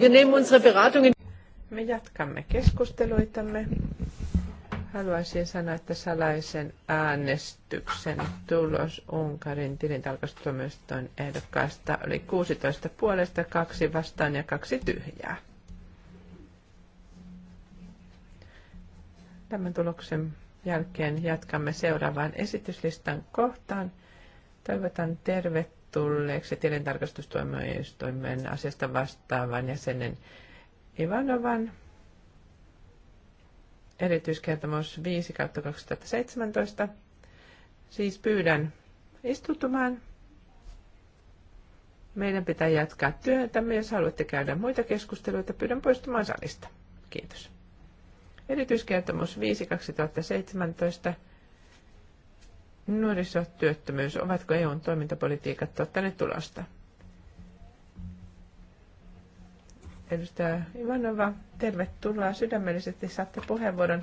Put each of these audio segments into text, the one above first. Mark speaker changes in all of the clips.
Speaker 1: Wir nehmen unsere Beratungen.
Speaker 2: Me jatkamme keskusteluitamme. Haluaisin sanoa, että salaisen äänestyksen tulos Unkarin tilintarkastustoimiston ehdokkaasta oli 16 puolesta, kaksi vastaan ja kaksi tyhjää. Tämän tuloksen jälkeen jatkamme seuraavaan esityslistan kohtaan. Toivotan tervet tulleeksi tilintarkastustoimen asiasta vastaavan jäsenen Ivanovan erityiskertomus 5 2017. Siis pyydän istutumaan. Meidän pitää jatkaa työtä, Jos haluatte käydä muita keskusteluita, pyydän poistumaan salista. Kiitos. Erityiskertomus 5 2017 Nuorisotyöttömyys, ovatko EUn toimintapolitiikat tuottaneet tulosta? Edustaja Ivanova, tervetuloa sydämellisesti, saatte puheenvuoron.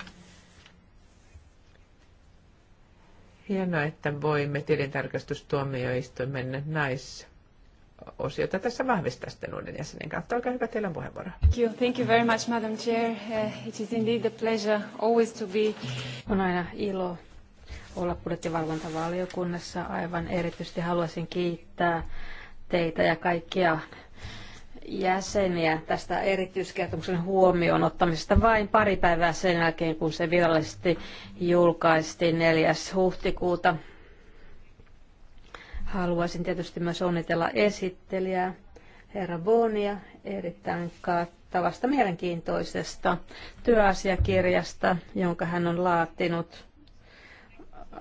Speaker 2: Hienoa, että voimme tilintarkastustuomioistuimen naisosiota tässä vahvistaa sitten uuden jäsenen kautta. Olkaa hyvä, teillä on puheenvuoro. Thank you, Thank you very much, Madam Chair.
Speaker 3: Uh, it is indeed a pleasure always to be... On aina ilo olla budjettivalvontavaliokunnassa. Aivan erityisesti haluaisin kiittää teitä ja kaikkia jäseniä tästä erityiskertomuksen huomioon ottamisesta vain pari päivää sen jälkeen, kun se virallisesti julkaistiin 4. huhtikuuta. Haluaisin tietysti myös onnitella esittelijää, herra Bonia, erittäin kattavasta mielenkiintoisesta työasiakirjasta, jonka hän on laatinut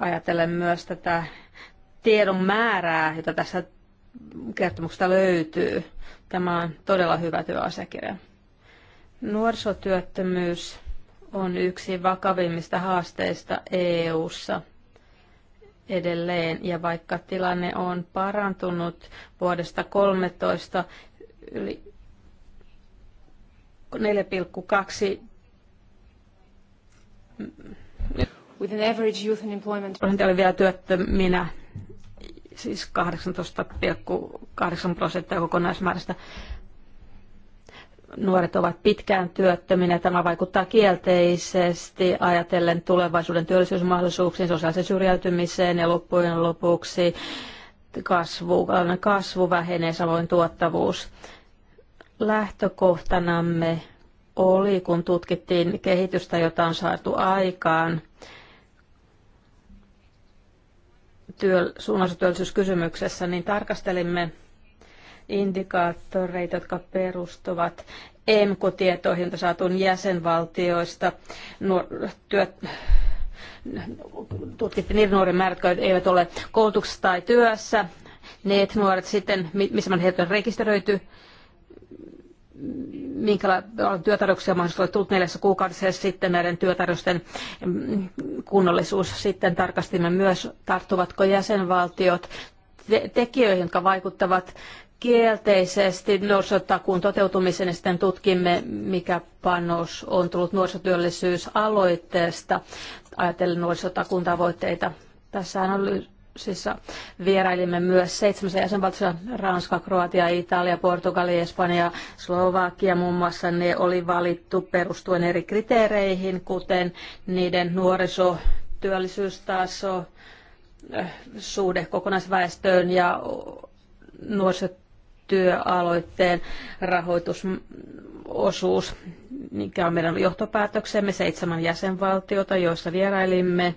Speaker 3: Ajatellen myös tätä tiedon määrää, jota tässä kertomuksesta löytyy. Tämä on todella hyvä työasiakirja. Nuorisotyöttömyys on yksi vakavimmista haasteista EU:ssa edelleen. Ja vaikka tilanne on parantunut vuodesta 13 yli 4,2 with an average youth unemployment... Prosentti oli vielä työttöminä, siis 18,8 prosenttia kokonaismäärästä. Nuoret ovat pitkään työttöminä. Tämä vaikuttaa kielteisesti ajatellen tulevaisuuden työllisyysmahdollisuuksiin, sosiaaliseen syrjäytymiseen ja loppujen lopuksi kasvu, kasvu vähenee, samoin tuottavuus. Lähtökohtanamme oli, kun tutkittiin kehitystä, jota on saatu aikaan työ, niin tarkastelimme indikaattoreita, jotka perustuvat EMKO-tietoihin, joita saatuun jäsenvaltioista. Nuor- työ, tutkittiin niiden nuorien määrät, jotka eivät ole koulutuksessa tai työssä. Ne nuoret sitten, missä heitä on rekisteröity, minkälaisia työtarjouksia mahdollisesti oli tullut neljässä kuukaudessa ja sitten näiden työtarjousten kunnollisuus. Sitten tarkastimme myös, tarttuvatko jäsenvaltiot te- tekijöihin, jotka vaikuttavat kielteisesti nuorisotakuun toteutumisen ja sitten tutkimme, mikä panos on tullut nuorisotyöllisyysaloitteesta ajatellen nuorisotakuun tavoitteita. Tässä on Sissa vierailimme myös seitsemässä jäsenvaltiossa, Ranska, Kroatia, Italia, Portugali, Espanja, Slovakia muun muassa. Ne oli valittu perustuen eri kriteereihin, kuten niiden nuoriso, työllisyystaso, eh, suhde kokonaisväestöön ja nuorisotyöaloitteen rahoitusosuus, mikä on meidän johtopäätöksemme, seitsemän jäsenvaltiota, joissa vierailimme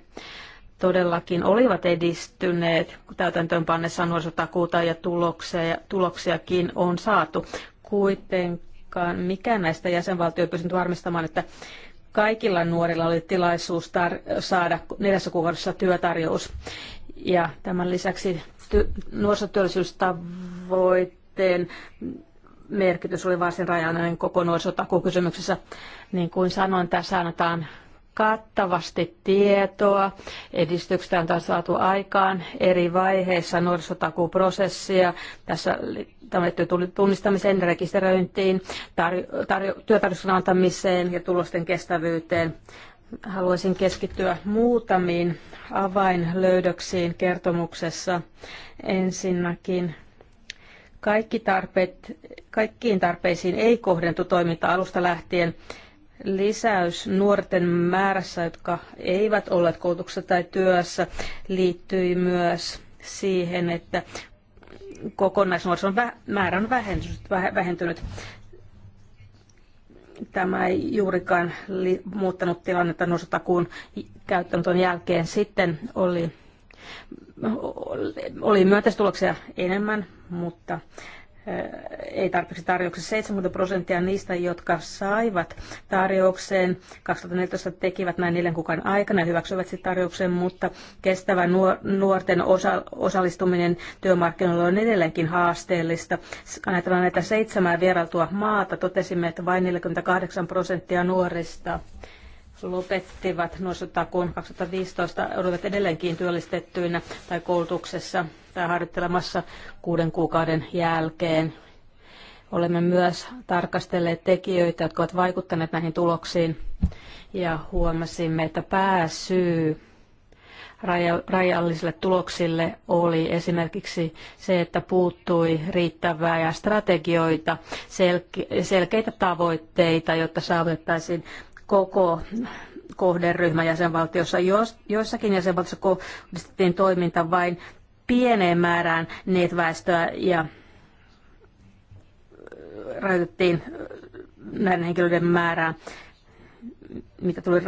Speaker 3: todellakin olivat edistyneet täytäntöönpannessa nuorisotakuuta ja tuloksia, tuloksiakin on saatu. Kuitenkaan mikään näistä jäsenvaltio ei pystynyt varmistamaan, että kaikilla nuorilla oli tilaisuus saada neljässä kuukaudessa työtarjous. Ja tämän lisäksi ty- nuorisotyöllisyystavoitteen merkitys oli varsin rajallinen koko nuorisotakuukysymyksessä. Niin kuin sanoin, tässä annetaan kattavasti tietoa. Edistyksestä on taas saatu aikaan eri vaiheissa nuorisotakuprosessia. Tässä tunnistamiseen, rekisteröintiin, tar- työtarjouksen antamiseen ja tulosten kestävyyteen. Haluaisin keskittyä muutamiin avainlöydöksiin kertomuksessa. Ensinnäkin kaikki tarpeet, kaikkiin tarpeisiin ei kohdentu toiminta alusta lähtien lisäys nuorten määrässä, jotka eivät olleet koulutuksessa tai työssä, liittyi myös siihen, että kokonaisnuorison määrä on vähentynyt. Tämä ei juurikaan muuttanut tilannetta nuorisotakuun käyttöönoton jälkeen. Sitten oli, oli myönteistuloksia enemmän, mutta ei tarpeeksi tarjouksessa. 70 prosenttia niistä, jotka saivat tarjoukseen 2014 tekivät näin neljän kuukauden aikana ja hyväksyivät sitten tarjouksen, mutta kestävä nuorten osa- osallistuminen työmarkkinoilla on edelleenkin haasteellista. Ajatellaan näitä seitsemää vierailtua maata, totesimme, että vain 48 prosenttia nuorista lopettivat nuorisotakuun 2015 olivat edelleenkin työllistettyinä tai koulutuksessa tai harjoittelemassa kuuden kuukauden jälkeen. Olemme myös tarkastelleet tekijöitä, jotka ovat vaikuttaneet näihin tuloksiin ja huomasimme, että pääsyy rajallisille tuloksille oli esimerkiksi se, että puuttui riittävää ja strategioita, selkeitä tavoitteita, jotta saavutettaisiin koko kohderyhmä jäsenvaltiossa. Jos, joissakin jäsenvaltiossa kohdistettiin toiminta vain pieneen määrään netväestöä ja äh, rajoitettiin äh, näiden henkilöiden määrää, mitä tuli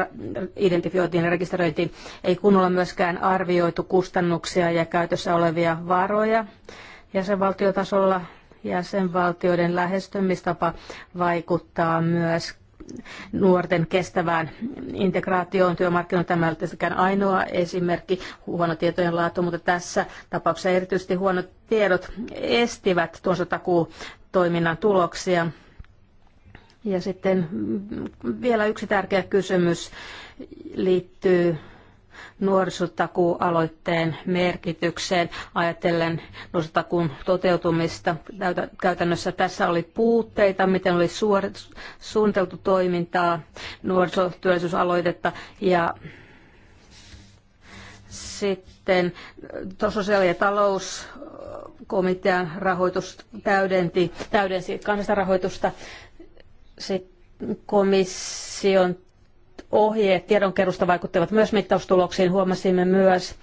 Speaker 3: identifioitiin ja rekisteröitiin. Ei kunnolla myöskään arvioitu kustannuksia ja käytössä olevia varoja jäsenvaltiotasolla. Jäsenvaltioiden lähestymistapa vaikuttaa myös nuorten kestävään integraatioon työmarkkinoilla. Tämä ei ole ainoa esimerkki, huono tietojen laatu, mutta tässä tapauksessa erityisesti huonot tiedot estivät tuon takuu toiminnan tuloksia. Ja sitten vielä yksi tärkeä kysymys liittyy nuorisotakuualoitteen merkitykseen ajatellen nuorisotakuun toteutumista. Käytännössä tässä oli puutteita, miten oli suor- suunniteltu toimintaa, nuorisotyöllisyysaloitetta ja sitten sosiaali- ja talouskomitean rahoitus täydensi kansallista rahoitusta. Sitten komission ohjeet tiedonkerusta vaikuttivat myös mittaustuloksiin. Huomasimme myös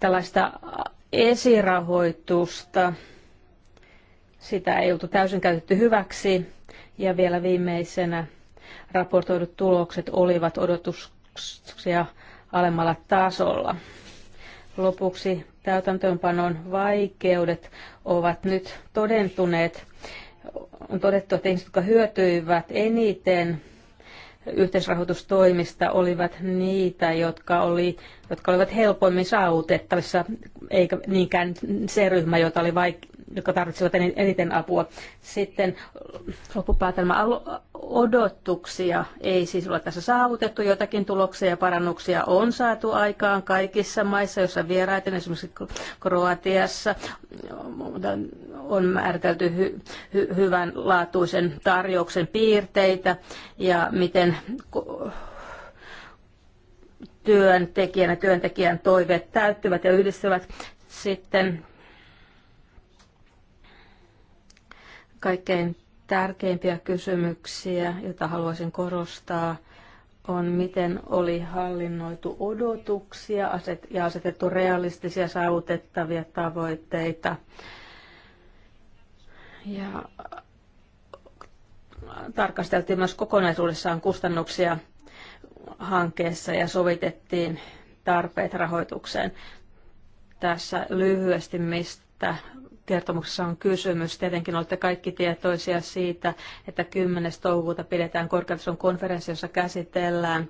Speaker 3: tällaista esirahoitusta. Sitä ei oltu täysin käytetty hyväksi. Ja vielä viimeisenä raportoidut tulokset olivat odotuksia alemmalla tasolla. Lopuksi täytäntöönpanon vaikeudet ovat nyt todentuneet. On todettu, että ihmiset, jotka hyötyivät eniten yhteisrahoitustoimista olivat niitä, jotka, oli, jotka olivat helpoimmin saavutettavissa, eikä niinkään se ryhmä, jota oli vaik- jotka tarvitsevat eniten apua. Sitten loppupäätelmä odotuksia ei siis ole tässä saavutettu. Jotakin tuloksia ja parannuksia on saatu aikaan kaikissa maissa, joissa vieraiten esimerkiksi Kroatiassa on määritelty hy- hy- hyvän laatuisen tarjouksen piirteitä ja miten työntekijän ja työntekijän toiveet täyttyvät ja yhdistyvät. Sitten Kaikkein tärkeimpiä kysymyksiä, joita haluaisin korostaa, on miten oli hallinnoitu odotuksia ja asetettu realistisia saavutettavia tavoitteita. Ja tarkasteltiin myös kokonaisuudessaan kustannuksia hankkeessa ja sovitettiin tarpeet rahoitukseen. Tässä lyhyesti, mistä kertomuksessa on kysymys. Tietenkin olette kaikki tietoisia siitä, että 10. toukokuuta pidetään korkeatason konferenssi, jossa käsitellään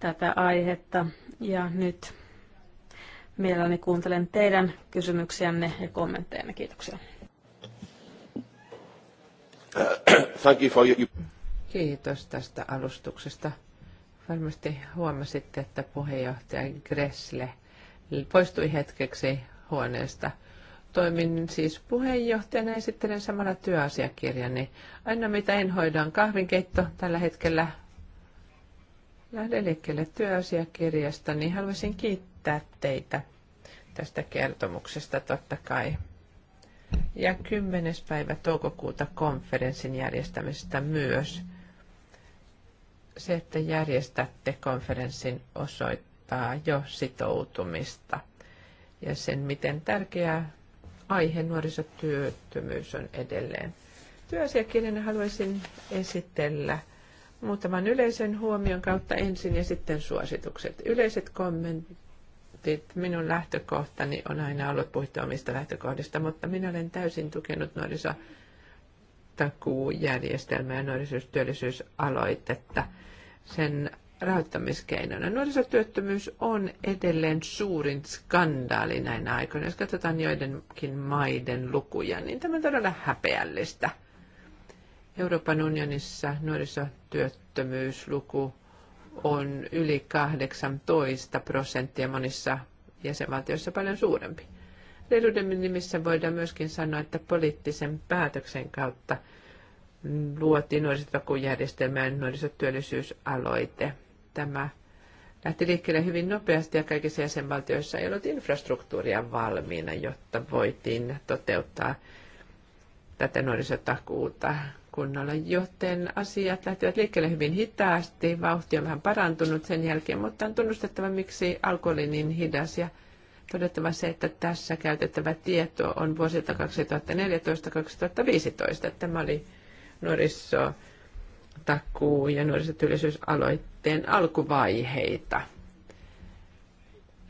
Speaker 3: tätä aihetta. Ja nyt mielelläni kuuntelen teidän kysymyksiänne ja kommenttejanne. Kiitoksia.
Speaker 1: Thank you for
Speaker 2: Kiitos tästä alustuksesta. Varmasti huomasitte, että puheenjohtaja Gressle poistui hetkeksi huoneesta – Toimin siis puheenjohtajana ja esittelen samalla työasiakirjani. Niin aina mitä en hoida on kahvinkeitto tällä hetkellä. Lähden liikkeelle työasiakirjasta, niin haluaisin kiittää teitä tästä kertomuksesta totta kai. Ja 10. päivä toukokuuta konferenssin järjestämistä myös. Se, että järjestätte konferenssin osoittaa jo sitoutumista ja sen, miten tärkeää aihe, nuorisotyöttömyys on edelleen. Työasiakirjana haluaisin esitellä muutaman yleisen huomion kautta ensin ja sitten suositukset. Yleiset kommentit. Minun lähtökohtani on aina ollut puhuttu omista lähtökohdista, mutta minä olen täysin tukenut nuorisotakuujärjestelmää ja nuorisotyöllisyysaloitetta. Sen rahoittamiskeinona. Nuorisotyöttömyys on edelleen suurin skandaali näinä aikoina. Jos katsotaan joidenkin maiden lukuja, niin tämä on todella häpeällistä. Euroopan unionissa nuorisotyöttömyysluku on yli 18 prosenttia monissa jäsenvaltioissa paljon suurempi. Reiluuden nimissä voidaan myöskin sanoa, että poliittisen päätöksen kautta luotiin nuorisotakujärjestelmä nuorisotyöllisyysaloite – tämä lähti liikkeelle hyvin nopeasti ja kaikissa jäsenvaltioissa ei ollut infrastruktuuria valmiina, jotta voitiin toteuttaa tätä nuorisotakuuta kunnolla, joten asiat lähtivät liikkeelle hyvin hitaasti, vauhti on vähän parantunut sen jälkeen, mutta on tunnustettava, miksi alku oli niin hidas ja todettava se, että tässä käytettävä tieto on vuosilta 2014-2015. Tämä oli nuoriso takuu ja nuorisotyöllisyysaloitteen alkuvaiheita.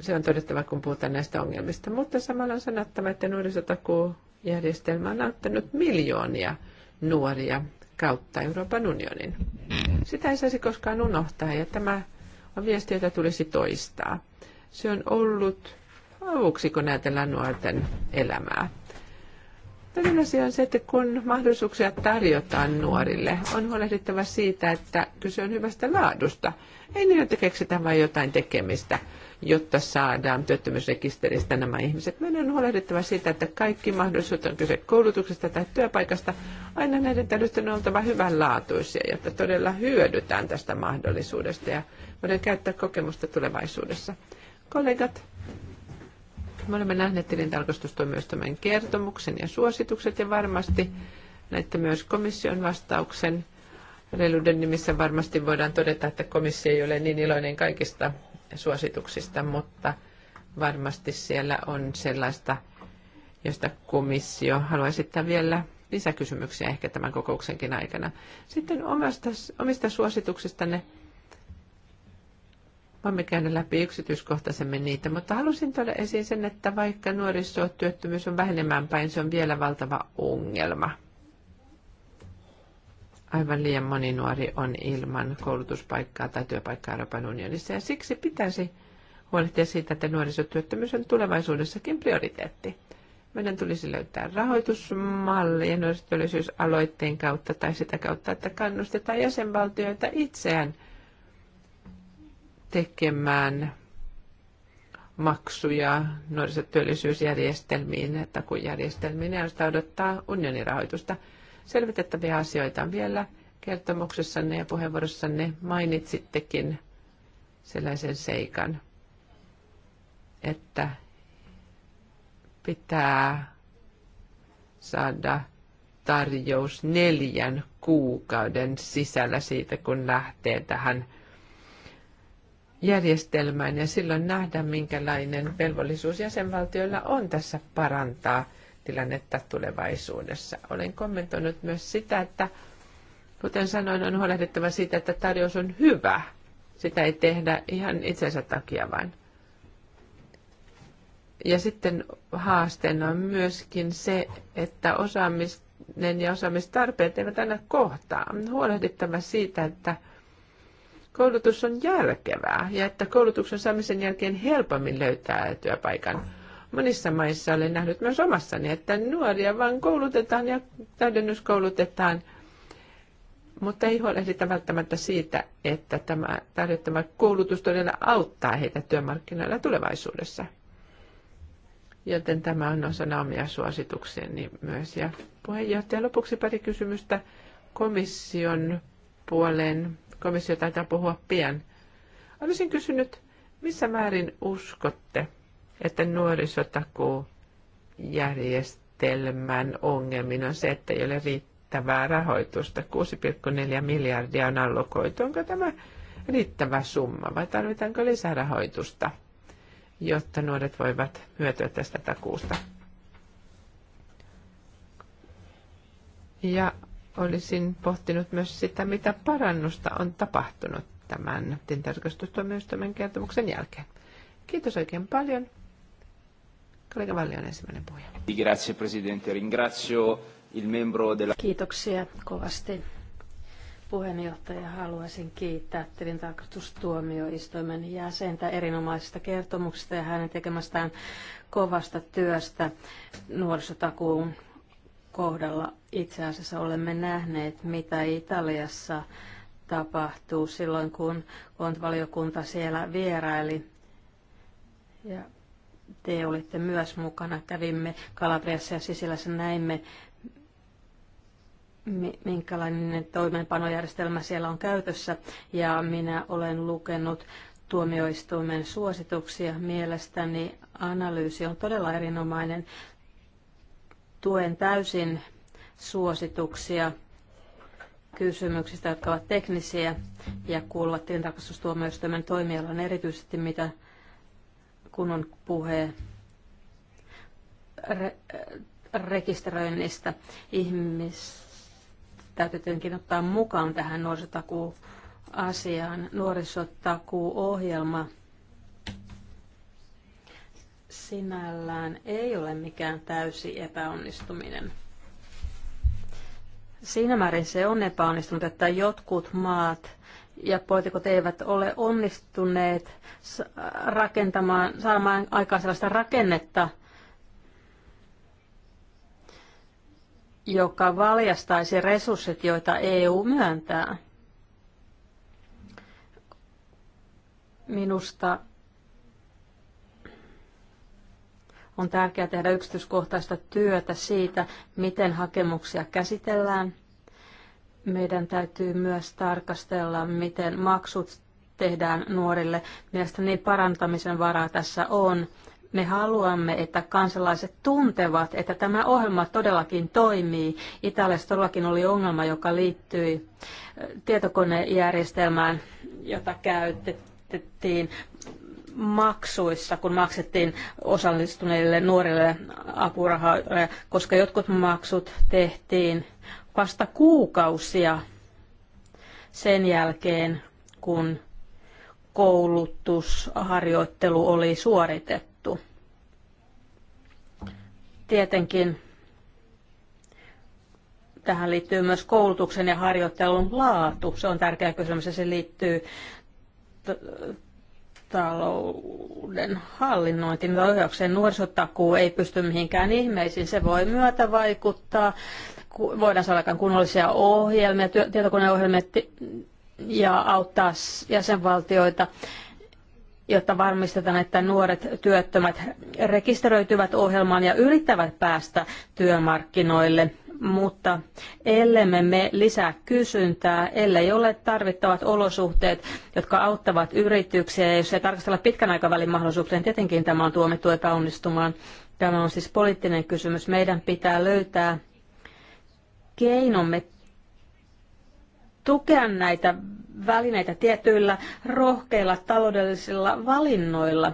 Speaker 2: Se on todettava, kun puhutaan näistä ongelmista. Mutta samalla on sanottava, että nuorisotakuujärjestelmä on auttanut miljoonia nuoria kautta Euroopan unionin. Sitä ei saisi koskaan unohtaa ja tämä on viesti, jota tulisi toistaa. Se on ollut avuksi, kun ajatellaan nuorten elämää. Toinen asia on se, että kun mahdollisuuksia tarjotaan nuorille, on huolehdittava siitä, että kyse on hyvästä laadusta. Ei niin, että keksitään vain jotain tekemistä, jotta saadaan työttömyysrekisteristä nämä ihmiset. Meidän on huolehdittava siitä, että kaikki mahdollisuudet on kyse koulutuksesta tai työpaikasta. Aina näiden täytyy on oltava hyvänlaatuisia, jotta todella hyödytään tästä mahdollisuudesta ja voidaan käyttää kokemusta tulevaisuudessa. Kollegat, me olemme nähneet tilintarkastustuomioistuimen kertomuksen ja suositukset ja varmasti näitte myös komission vastauksen. Reiluuden nimissä varmasti voidaan todeta, että komissio ei ole niin iloinen kaikista suosituksista, mutta varmasti siellä on sellaista, josta komissio haluaa esittää vielä lisäkysymyksiä ehkä tämän kokouksenkin aikana. Sitten omasta, omista suosituksistanne. ne Voimme käydä läpi yksityiskohtaisemmin niitä, mutta halusin tuoda esiin sen, että vaikka nuorisotyöttömyys on vähenemään päin, se on vielä valtava ongelma. Aivan liian moni nuori on ilman koulutuspaikkaa tai työpaikkaa Euroopan unionissa ja siksi pitäisi huolehtia siitä, että nuorisotyöttömyys on tulevaisuudessakin prioriteetti. Meidän tulisi löytää rahoitusmalli ja nuorisotyöllisyysaloitteen kautta tai sitä kautta, että kannustetaan jäsenvaltioita itseään – tekemään maksuja nuorisotyöllisyysjärjestelmiin, takujärjestelmiin ja sitä odottaa unionin rahoitusta. Selvitettäviä asioita on vielä kertomuksessanne ja puheenvuorossanne mainitsittekin sellaisen seikan, että pitää saada tarjous neljän kuukauden sisällä siitä, kun lähtee tähän – järjestelmään ja silloin nähdään, minkälainen velvollisuus jäsenvaltioilla on tässä parantaa tilannetta tulevaisuudessa. Olen kommentoinut myös sitä, että kuten sanoin, on huolehdittava siitä, että tarjous on hyvä. Sitä ei tehdä ihan itsensä takia vain. Ja sitten haasteena on myöskin se, että osaamisen ja osaamistarpeet eivät aina kohtaa. On huolehdittava siitä, että koulutus on järkevää ja että koulutuksen saamisen jälkeen helpommin löytää työpaikan. Monissa maissa olen nähnyt myös omassani, että nuoria vain koulutetaan ja täydennyskoulutetaan, mutta ei huolehdita välttämättä siitä, että tämä tarjottava koulutus todella auttaa heitä työmarkkinoilla tulevaisuudessa. Joten tämä on osana omia suosituksiani myös. Ja puheenjohtaja, lopuksi pari kysymystä komission puolen komissio taitaa puhua pian. Olisin kysynyt, missä määrin uskotte, että nuorisotakuu järjestelmän ongelmin on se, että ei ole riittävää rahoitusta. 6,4 miljardia on allokoitu. Onko tämä riittävä summa vai tarvitaanko lisärahoitusta, jotta nuoret voivat hyötyä tästä takuusta? Ja olisin pohtinut myös sitä, mitä parannusta on tapahtunut tämän tintarkastustuomioistuimen kertomuksen jälkeen. Kiitos oikein paljon. Kollega Valli on ensimmäinen puhuja. Grazie, presidente. Ringrazio il membro della...
Speaker 3: Kiitoksia kovasti. Puheenjohtaja, haluaisin kiittää tilintarkastustuomioistuimen jäsentä erinomaisesta kertomuksesta ja hänen tekemästään kovasta työstä nuorisotakuun kohdalla itse asiassa olemme nähneet, mitä Italiassa tapahtuu silloin, kun kontvaliokunta siellä vieraili. Ja te olitte myös mukana. Kävimme Kalabriassa ja Sisilässä näimme, minkälainen toimeenpanojärjestelmä siellä on käytössä. Ja minä olen lukenut tuomioistuimen suosituksia. Mielestäni analyysi on todella erinomainen. Tuen täysin suosituksia kysymyksistä, jotka ovat teknisiä ja kuuluvat tilintarkastustuomioistuimen toimialan erityisesti, mitä kun on puhe re- rekisteröinnistä. Ihmis täytyy tietenkin ottaa mukaan tähän asiaan nuorisotakuu ohjelma sinällään ei ole mikään täysi epäonnistuminen. Siinä määrin se on epäonnistunut, että jotkut maat ja poliitikot eivät ole onnistuneet rakentamaan, saamaan aikaan sellaista rakennetta, joka valjastaisi resurssit, joita EU myöntää. Minusta On tärkeää tehdä yksityiskohtaista työtä siitä, miten hakemuksia käsitellään. Meidän täytyy myös tarkastella, miten maksut tehdään nuorille. Mielestäni parantamisen varaa tässä on. Me haluamme, että kansalaiset tuntevat, että tämä ohjelma todellakin toimii. Italiassa todellakin oli ongelma, joka liittyi äh, tietokonejärjestelmään, jota käytettiin maksuissa, kun maksettiin osallistuneille nuorille apurahoja, koska jotkut maksut tehtiin vasta kuukausia sen jälkeen, kun koulutusharjoittelu oli suoritettu. Tietenkin tähän liittyy myös koulutuksen ja harjoittelun laatu. Se on tärkeä kysymys ja se liittyy talouden hallinnointi, ja ohjaukseen. Niin nuorisotakuu ei pysty mihinkään ihmeisiin. Se voi myötä vaikuttaa. Voidaan saada kunnollisia ohjelmia, tietokoneohjelmia ja auttaa jäsenvaltioita jotta varmistetaan, että nuoret työttömät rekisteröityvät ohjelmaan ja yrittävät päästä työmarkkinoille – mutta ellemme me lisää kysyntää, ellei ole tarvittavat olosuhteet, jotka auttavat yrityksiä, ja jos ei tarkastella pitkän aikavälin mahdollisuuksia, niin tietenkin tämä on tuomittu epäonnistumaan. Tämä on siis poliittinen kysymys. Meidän pitää löytää keinomme tukea näitä välineitä tietyillä rohkeilla taloudellisilla valinnoilla.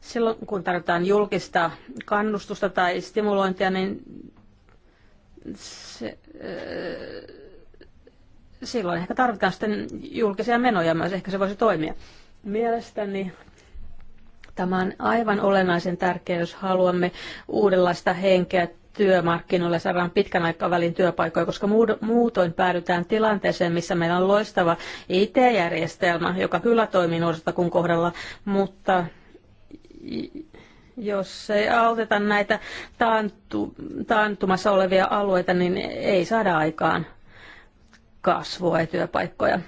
Speaker 3: Silloin kun tarvitaan julkista kannustusta tai stimulointia, niin se, silloin ehkä tarvitaan sitten julkisia menoja myös, ehkä se voisi toimia. Mielestäni tämä on aivan olennaisen tärkeä, jos haluamme uudenlaista henkeä työmarkkinoille saadaan pitkän aikavälin työpaikkoja, koska muutoin päädytään tilanteeseen, missä meillä on loistava IT-järjestelmä, joka kyllä toimii nuorisotakun kohdalla, mutta jos ei auteta näitä taantu, taantumassa olevia alueita, niin ei saada aikaan kasvua ja työpaikkoja.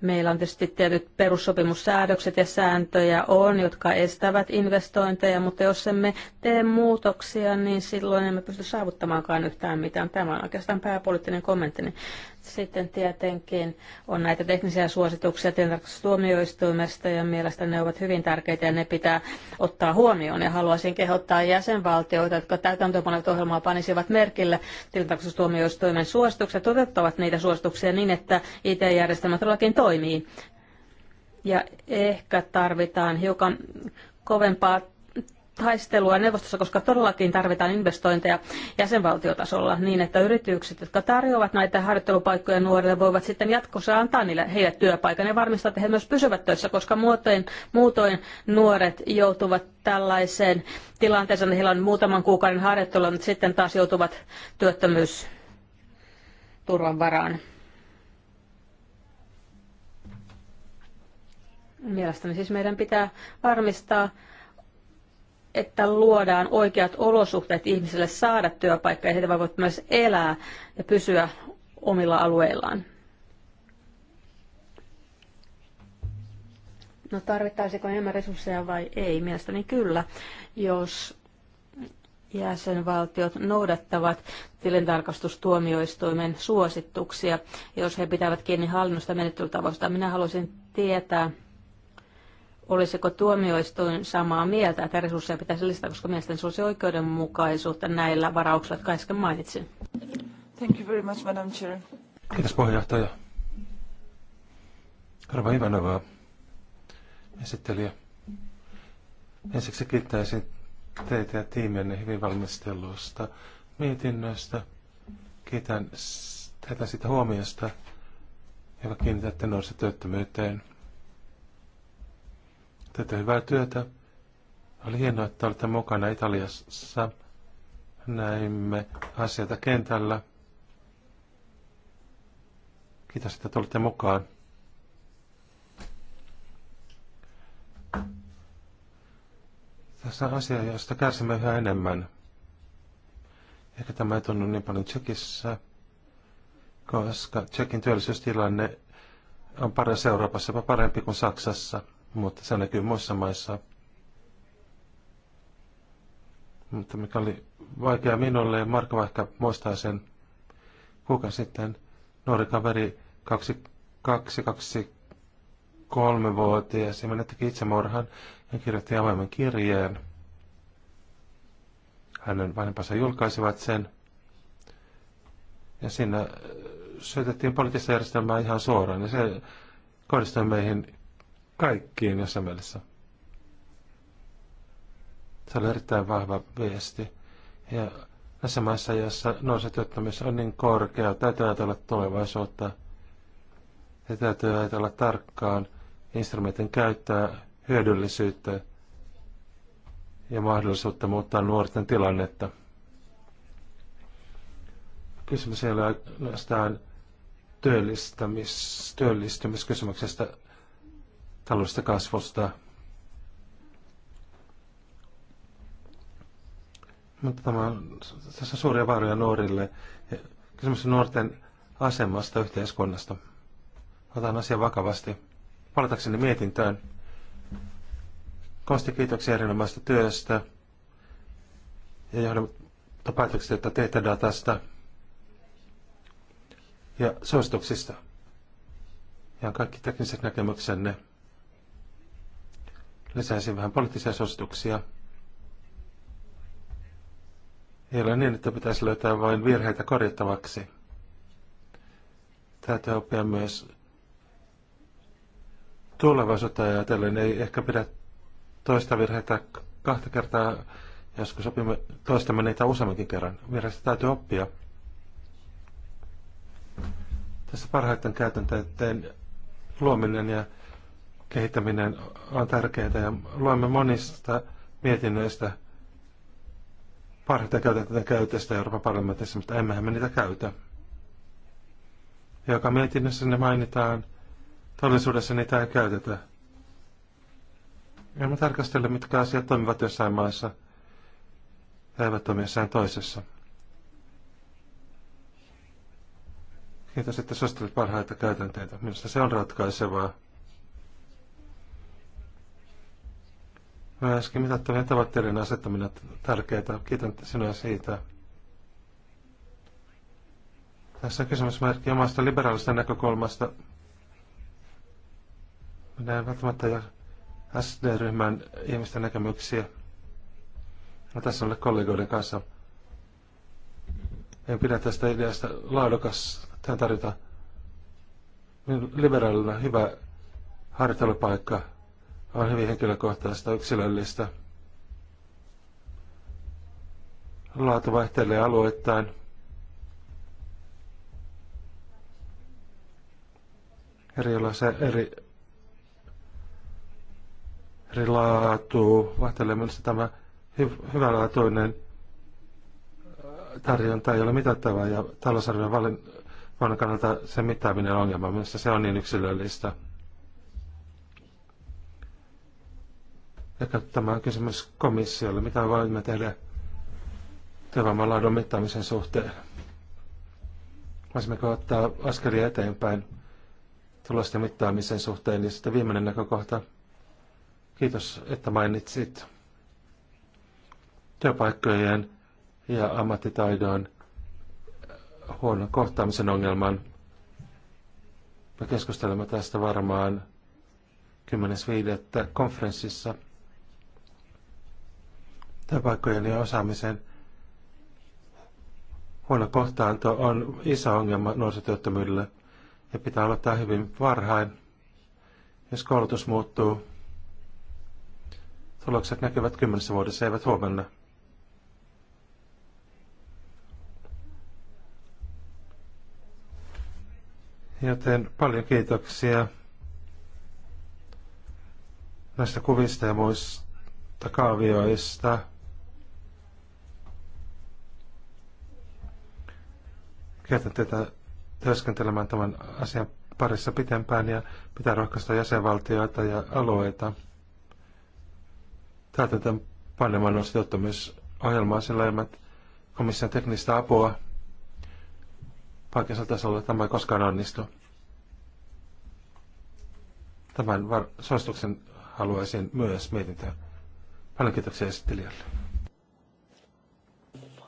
Speaker 3: Meillä on tietysti tietyt perussopimussäädökset ja sääntöjä on, jotka estävät investointeja, mutta jos emme tee muutoksia, niin silloin emme pysty saavuttamaankaan yhtään mitään. Tämä on oikeastaan pääpoliittinen kommentti. Sitten tietenkin on näitä teknisiä suosituksia tuomioistuimesta ja mielestäni ne ovat hyvin tärkeitä ja ne pitää ottaa huomioon. Ja haluaisin kehottaa jäsenvaltioita, jotka täytäntöönpanevat ohjelmaa panisivat merkille tilintarkastustuomioistuimen suositukset ja toteuttavat niitä suosituksia niin, että IT-järjestelmä todellakin toimii. Ja ehkä tarvitaan hiukan kovempaa taistelua neuvostossa, koska todellakin tarvitaan investointeja jäsenvaltiotasolla niin, että yritykset, jotka tarjoavat näitä harjoittelupaikkoja nuorille, voivat sitten jatkossa antaa niille, heille työpaikan ja varmistaa, että he myös pysyvät töissä, koska muutoin, muutoin nuoret joutuvat tällaiseen tilanteeseen, että heillä on muutaman kuukauden harjoittelu, mutta sitten taas joutuvat työttömyysturvan varaan. Mielestäni siis meidän pitää varmistaa, että luodaan oikeat olosuhteet ihmisille saada työpaikka ja he voivat myös elää ja pysyä omilla alueillaan. No tarvittaisiko enemmän resursseja vai ei? Mielestäni kyllä, jos jäsenvaltiot noudattavat tilintarkastustuomioistuimen suosituksia, jos he pitävät kiinni hallinnosta menettelytavoista. Minä haluaisin tietää, olisiko tuomioistuin samaa mieltä, että resursseja pitäisi lisätä, koska mielestäni se olisi oikeudenmukaisuutta näillä varauksilla, jotka äsken mainitsin.
Speaker 2: Thank you very much, Madam Chair.
Speaker 1: Kiitos puheenjohtaja. Karva Ivanova, esittelijä. Ensiksi kiittäisin teitä ja tiimienne hyvin valmistelusta mietinnöstä. Kiitän teitä siitä huomiosta, joka kiinnitätte nuorisotyöttömyyteen. Teette hyvää työtä. Oli hienoa, että olette mukana Italiassa. Näimme asioita kentällä. Kiitos, että tulitte mukaan. Tässä on asia, josta kärsimme yhä enemmän. Ehkä tämä ei tunnu niin paljon Tsekissä, koska Tsekin työllisyystilanne on paras Euroopassa, parempi kuin Saksassa – mutta se näkyy muissa maissa. Mutta mikä oli vaikea minulle, ja Marko ehkä muistaa sen kuka sitten, nuori kaveri, 22-23-vuotias, ja meni teki itsemurhan ja kirjoitti avoimen kirjeen. Hänen vanhempansa julkaisivat sen, ja siinä äh, syötettiin poliittista järjestelmää ihan suoraan, ja se kohdistui meihin kaikkiin jossain mielessä. Se oli erittäin vahva viesti. Ja näissä maissa, joissa nuorisotyöttömyys on niin korkea, täytyy ajatella tulevaisuutta ja täytyy ajatella tarkkaan instrumentin käyttöä, hyödyllisyyttä ja mahdollisuutta muuttaa nuorten tilannetta. Kysymys ei ole työllistämis, työllistymiskysymyksestä, taloudellisesta kasvusta. Mutta tämä on, tässä on suuria vaaroja nuorille. Kysymys nuorten asemasta yhteiskunnasta. Otan asian vakavasti. Palatakseni mietintöön. Kosti kiitoksia erinomaista työstä ja johdantopäätökset, että teette datasta ja suosituksista. Ja kaikki tekniset näkemyksenne lisäisin vähän poliittisia suosituksia. Ei ole niin, että pitäisi löytää vain virheitä korjattavaksi. Täytyy oppia myös tulevaisuutta ajatellen. Ei ehkä pidä toista virheitä kahta kertaa, joskus opimme toistamme niitä useammankin kerran. Virheistä täytyy oppia. Tässä parhaiten käytäntöiden luominen ja kehittäminen on tärkeää ja luemme monista mietinnöistä parhaita käytäntöjen käytöstä Euroopan parlamentissa, mutta emmehän me niitä käytä. Joka mietinnössä ne mainitaan, todellisuudessa niitä ei käytetä. Ja me tarkastele, mitkä asiat toimivat jossain maassa ja eivät toimi jossain toisessa. Kiitos, että suosittelit parhaita käytänteitä. Minusta se on ratkaisevaa. Myöskin mitattavien tavoitteiden asettaminen on tärkeää. Kiitän sinua siitä. Tässä on kysymysmerkki omasta liberaalista näkökulmasta. Minä en välttämättä jo SD-ryhmän ihmisten näkemyksiä. Mä tässä olen kollegoiden kanssa. En pidä tästä ideasta laadukas. Tähän tarjota niin liberaalina hyvä harjoittelupaikka on hyvin henkilökohtaista, yksilöllistä. Laatu vaihtelee alueittain. Eri eri, eri laatu vaihtelee myös tämä hy, hyvänlaatuinen äh, tarjonta ei ole mitattava ja talousarvion valin, kannalta se mittaaminen ongelma, myös se on niin yksilöllistä. Ja tämä kysymys komissiolle, mitä voimme tehdä työvoiman laadun mittaamisen suhteen. Voisimmeko ottaa askelia eteenpäin tulosten mittaamisen suhteen. Ja sitten viimeinen näkökohta. Kiitos, että mainitsit työpaikkojen ja ammattitaidon huonon kohtaamisen ongelman. Me keskustelemme tästä varmaan 10.5. konferenssissa työpaikkojen ja osaamisen huono kohtaanto on iso ongelma nuorisotyöttömyydelle ja pitää aloittaa hyvin varhain. Jos koulutus muuttuu, tulokset näkyvät kymmenessä vuodessa, eivät huomenna. Joten paljon kiitoksia näistä kuvista ja muista kaavioista. käytän tätä työskentelemään tämän asian parissa pitempään ja pitää rohkaista jäsenvaltioita ja alueita tämän panemaan ostottamisohjelmaa sillä ilman komission teknistä apua paikallisella tasolla tämä ei koskaan onnistu. Tämän var- suosituksen haluaisin myös mietintöön. Paljon kiitoksia
Speaker 3: esittelijälle.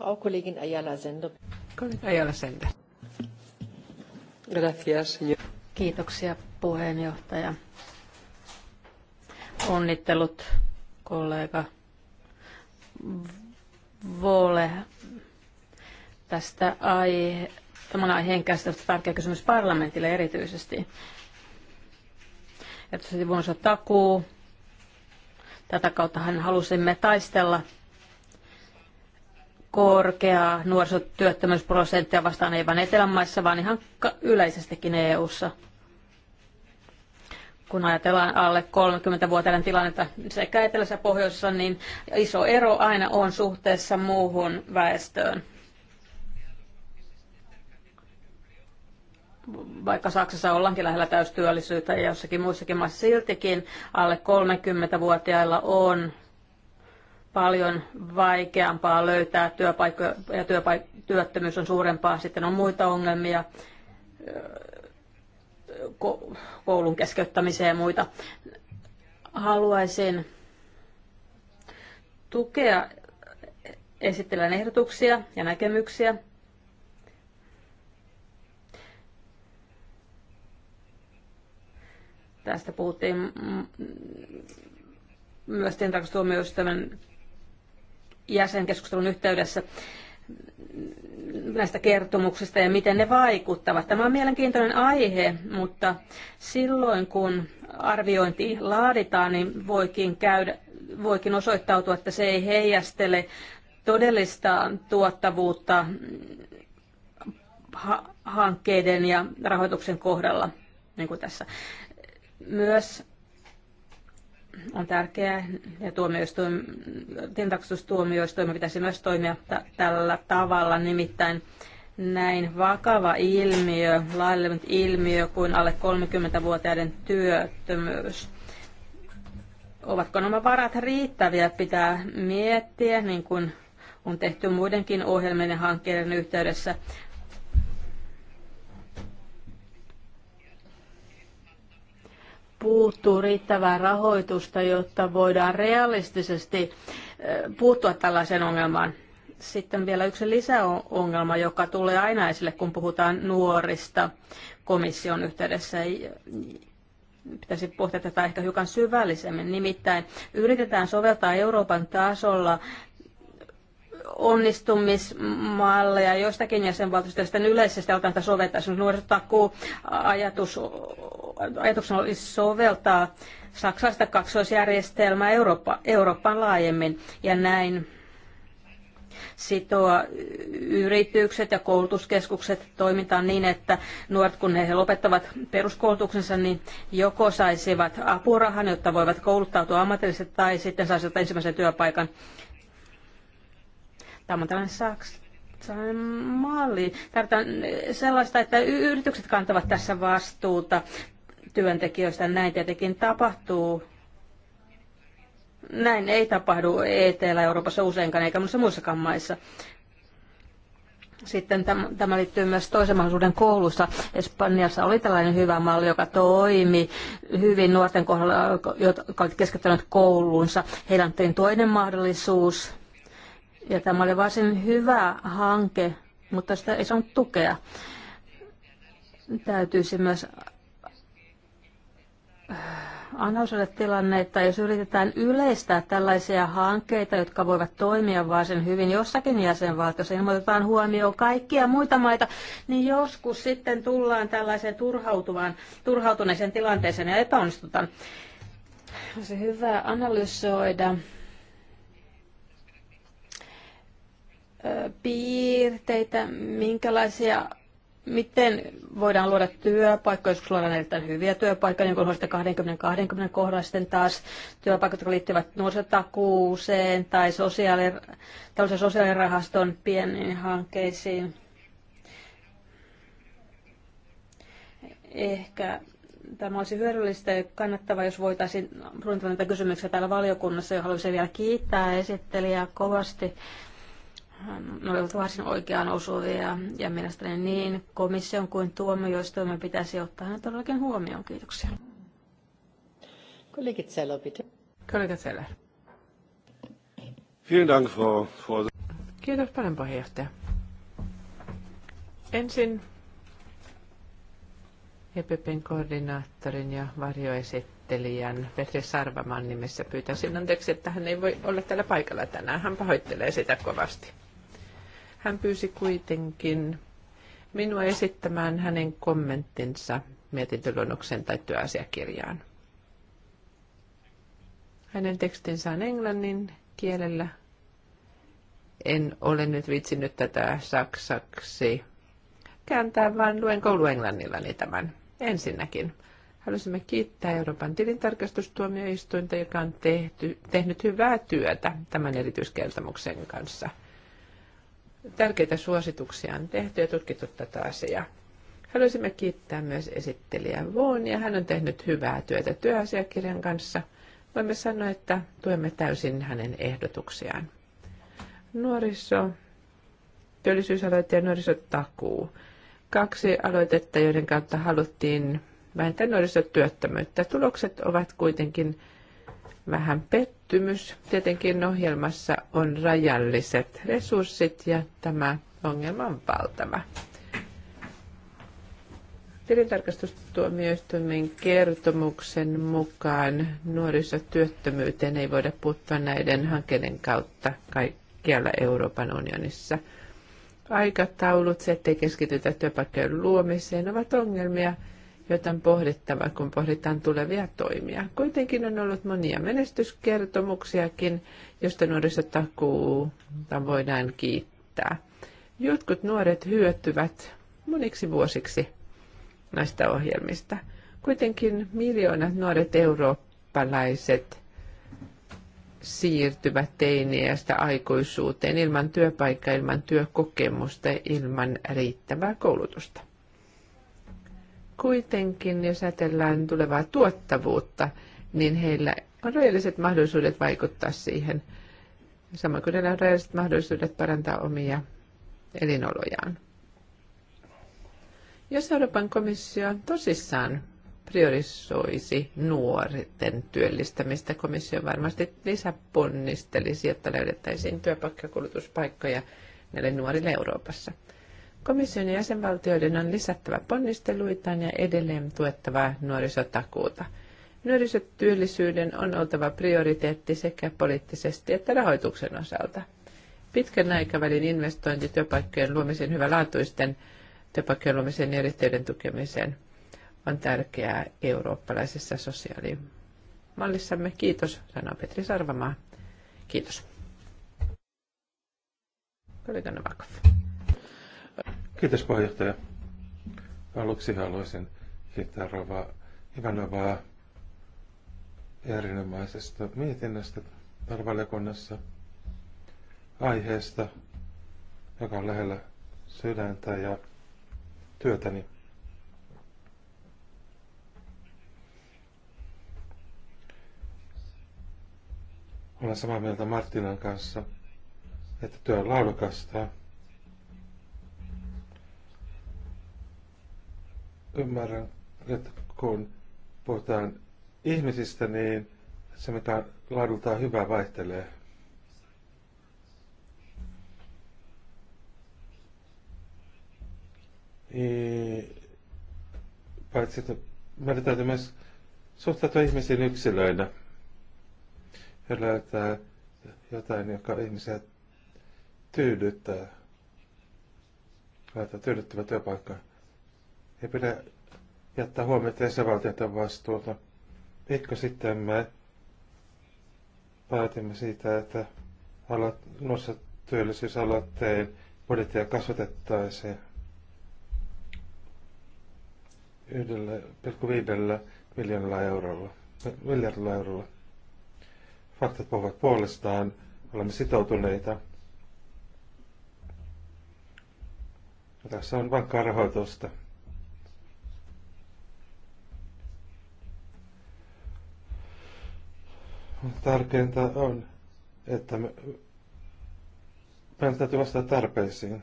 Speaker 2: Frau Kollegin Ayala Sender. Ayala
Speaker 3: Sender. Gracias, señor. Kiitoksia puheenjohtaja. Onnittelut kollega Vole tästä aihe, tämän aiheen käsittelystä tärkeä kysymys parlamentille erityisesti. Erityisesti vuonna takuu. Tätä kautta hän halusimme taistella korkeaa nuorisotyöttömyysprosenttia vastaan ei vain Etelämaissa, vaan ihan yleisestikin EU-ssa. Kun ajatellaan alle 30-vuotiaiden tilannetta sekä etelässä ja pohjoisessa, niin iso ero aina on suhteessa muuhun väestöön. vaikka Saksassa ollaankin lähellä täystyöllisyyttä ja jossakin muissakin maissa siltikin alle 30-vuotiailla on paljon vaikeampaa löytää työpaikkoja ja työpaik- työttömyys on suurempaa. Sitten on muita ongelmia, koulun keskeyttämiseen ja muita. Haluaisin tukea esittelen ehdotuksia ja näkemyksiä. Tästä puhuttiin myös tilintarkastustuomioistuimen jäsenkeskustelun yhteydessä näistä kertomuksista ja miten ne vaikuttavat. Tämä on mielenkiintoinen aihe, mutta silloin kun arviointi laaditaan, niin voikin, käydä, voikin osoittautua, että se ei heijastele todellista tuottavuutta hankkeiden ja rahoituksen kohdalla, niin kuin tässä. Myös on tärkeää ja tuomioistuimen pitäisi myös toimia tällä tavalla, nimittäin näin vakava ilmiö, laillinen ilmiö kuin alle 30-vuotiaiden työttömyys. Ovatko nämä varat riittäviä pitää miettiä, niin kuin on tehty muidenkin ohjelmien ja hankkeiden yhteydessä. puuttuu riittävää rahoitusta, jotta voidaan realistisesti eh, puuttua tällaiseen ongelmaan. Sitten vielä yksi lisäongelma, joka tulee aina esille, kun puhutaan nuorista komission yhteydessä. Pitäisi pohtia tätä ehkä hiukan syvällisemmin. Nimittäin yritetään soveltaa Euroopan tasolla onnistumismalleja joistakin jäsenvaltioista sitten yleisesti alkaa tätä soveltaa. Esimerkiksi nuorisotakuu ajatus ajatuksena olisi soveltaa saksalaista kaksoisjärjestelmää Eurooppa, Euroopan laajemmin ja näin sitoa yritykset ja koulutuskeskukset toimintaan niin, että nuoret, kun he lopettavat peruskoulutuksensa, niin joko saisivat apurahan, jotta voivat kouluttautua ammatillisesti, tai sitten saisivat ensimmäisen työpaikan. Tämä on tällainen saks, malli. Tarvitaan sellaista, että yritykset kantavat tässä vastuuta työntekijöistä. Näin tietenkin tapahtuu. Näin ei tapahdu Etelä-Euroopassa useinkaan eikä muissa muissakaan maissa. Sitten tämä liittyy myös toisen mahdollisuuden koulussa. Espanjassa oli tällainen hyvä malli, joka toimi hyvin nuorten kohdalla, jotka olivat keskittyneet kouluunsa. Heillä on toinen mahdollisuus. Ja tämä oli varsin hyvä hanke, mutta sitä ei saanut tukea. Täytyisi myös analysoida että jos yritetään yleistää tällaisia hankkeita, jotka voivat toimia varsin hyvin jossakin jäsenvaltiossa, ilmoitetaan huomioon kaikkia muita maita, niin joskus sitten tullaan tällaiseen turhautuvaan, turhautuneeseen tilanteeseen ja epäonnistutaan. Olisi hyvä analysoida piirteitä, minkälaisia miten voidaan luoda työpaikkoja, joskus luodaan erittäin hyviä työpaikkoja, niin kuin on 20-20 kohdalla sitten taas työpaikat, jotka liittyvät nuorisotakuuseen tai sosiaali, sosiaalirahaston pieniin hankkeisiin. Ehkä tämä olisi hyödyllistä ja kannattavaa, jos voitaisiin suunnitella näitä kysymyksiä täällä valiokunnassa. Ja haluaisin vielä kiittää esittelijää kovasti No, olivat varsin oikeaan osuvia ja mielestäni niin komission kuin tuomioistuimen pitäisi ottaa ne todellakin huomioon. Kiitoksia.
Speaker 2: Kollegit Zeller, bitte. Kollega Kiitos paljon, puheenjohtaja. Ensin EPPn koordinaattorin ja varjoesittelijän Petri Sarvaman nimessä pyytäisin anteeksi, että hän ei voi olla täällä paikalla tänään. Hän pahoittelee sitä kovasti. Hän pyysi kuitenkin minua esittämään hänen kommenttinsa mietintöluonnoksen tai työasiakirjaan. Hänen tekstinsä on englannin kielellä. En ole nyt vitsinyt tätä saksaksi kääntää, vaan luen kouluenglannillani tämän ensinnäkin. Haluaisimme kiittää Euroopan tilintarkastustuomioistuinta, joka on tehty, tehnyt hyvää työtä tämän erityiskertomuksen kanssa – Tärkeitä suosituksia on tehty ja tutkittu tätä asiaa. Haluaisimme kiittää myös esittelijä Vuonia. Hän on tehnyt hyvää työtä työasiakirjan kanssa. Voimme sanoa, että tuemme täysin hänen ehdotuksiaan. Nuoriso, työllisyysaloite ja nuorisotakuu. Kaksi aloitetta, joiden kautta haluttiin vähentää nuorisotyöttömyyttä. Tulokset ovat kuitenkin vähän pettymys. Tietenkin ohjelmassa on rajalliset resurssit ja tämä ongelma on valtava. Tilintarkastustuomioistuimen kertomuksen mukaan nuorisotyöttömyyteen ei voida puuttua näiden hankkeiden kautta kaikkialla Euroopan unionissa. Aikataulut, se ettei keskitytä työpaikkojen luomiseen, ovat ongelmia, joita on pohdittava, kun pohditaan tulevia toimia. Kuitenkin on ollut monia menestyskertomuksiakin, joista nuorisotakuuta voidaan kiittää. Jotkut nuoret hyötyvät moniksi vuosiksi näistä ohjelmista. Kuitenkin miljoonat nuoret eurooppalaiset siirtyvät teiniästä aikuisuuteen ilman työpaikkaa, ilman työkokemusta, ilman riittävää koulutusta. Kuitenkin, jos ajatellaan tulevaa tuottavuutta, niin heillä on rajalliset mahdollisuudet vaikuttaa siihen, samoin kuin heillä on rajalliset mahdollisuudet parantaa omia elinolojaan. Jos Euroopan komissio tosissaan priorisoisi nuorten työllistämistä, komissio varmasti lisäponnistelisi, jotta löydettäisiin työpaikkakulutuspaikkoja näille nuorille Euroopassa. Komission jäsenvaltioiden on lisättävä ponnisteluitaan ja edelleen tuettava nuorisotakuuta. Nuorisotyöllisyyden on oltava prioriteetti sekä poliittisesti että rahoituksen osalta. Pitkän aikavälin investointi työpaikkojen luomisen hyvälaatuisten työpaikkojen luomisen ja yrittäjyyden tukemiseen on tärkeää eurooppalaisessa sosiaalimallissamme. Kiitos, sanoo Petri Sarvamaa. Kiitos. Kollega Novakov.
Speaker 1: Kiitos puheenjohtaja. Aluksi haluaisin kiittää Rova Ivanovaa erinomaisesta mietinnöstä tarvalekunnassa aiheesta, joka on lähellä sydäntä ja työtäni. Olen samaa mieltä Martinan kanssa, että työ on laadukasta Ymmärrän, että kun puhutaan ihmisistä, niin se mitä laadultaan hyvää vaihtelee. Paitsi, että meidän täytyy myös suhtautua ihmisiin yksilöinä ja löytää jotain, joka ihmisiä tyydyttää. Laitetaan tyydyttävä työpaikka. Ei pidä jättää huomiota jäsenvaltioiden vastuuta. Viikko sitten me päätimme siitä, että työllisyysaloitteen budjettia kasvatettaisiin 1,5 miljoonalla eurolla. Miljardilla eurolla. Faktat puhuvat puolestaan. Olemme sitoutuneita. Ja tässä on vankkaa rahoitusta. Tärkeintä on, että me, meidän täytyy vastata tarpeisiin.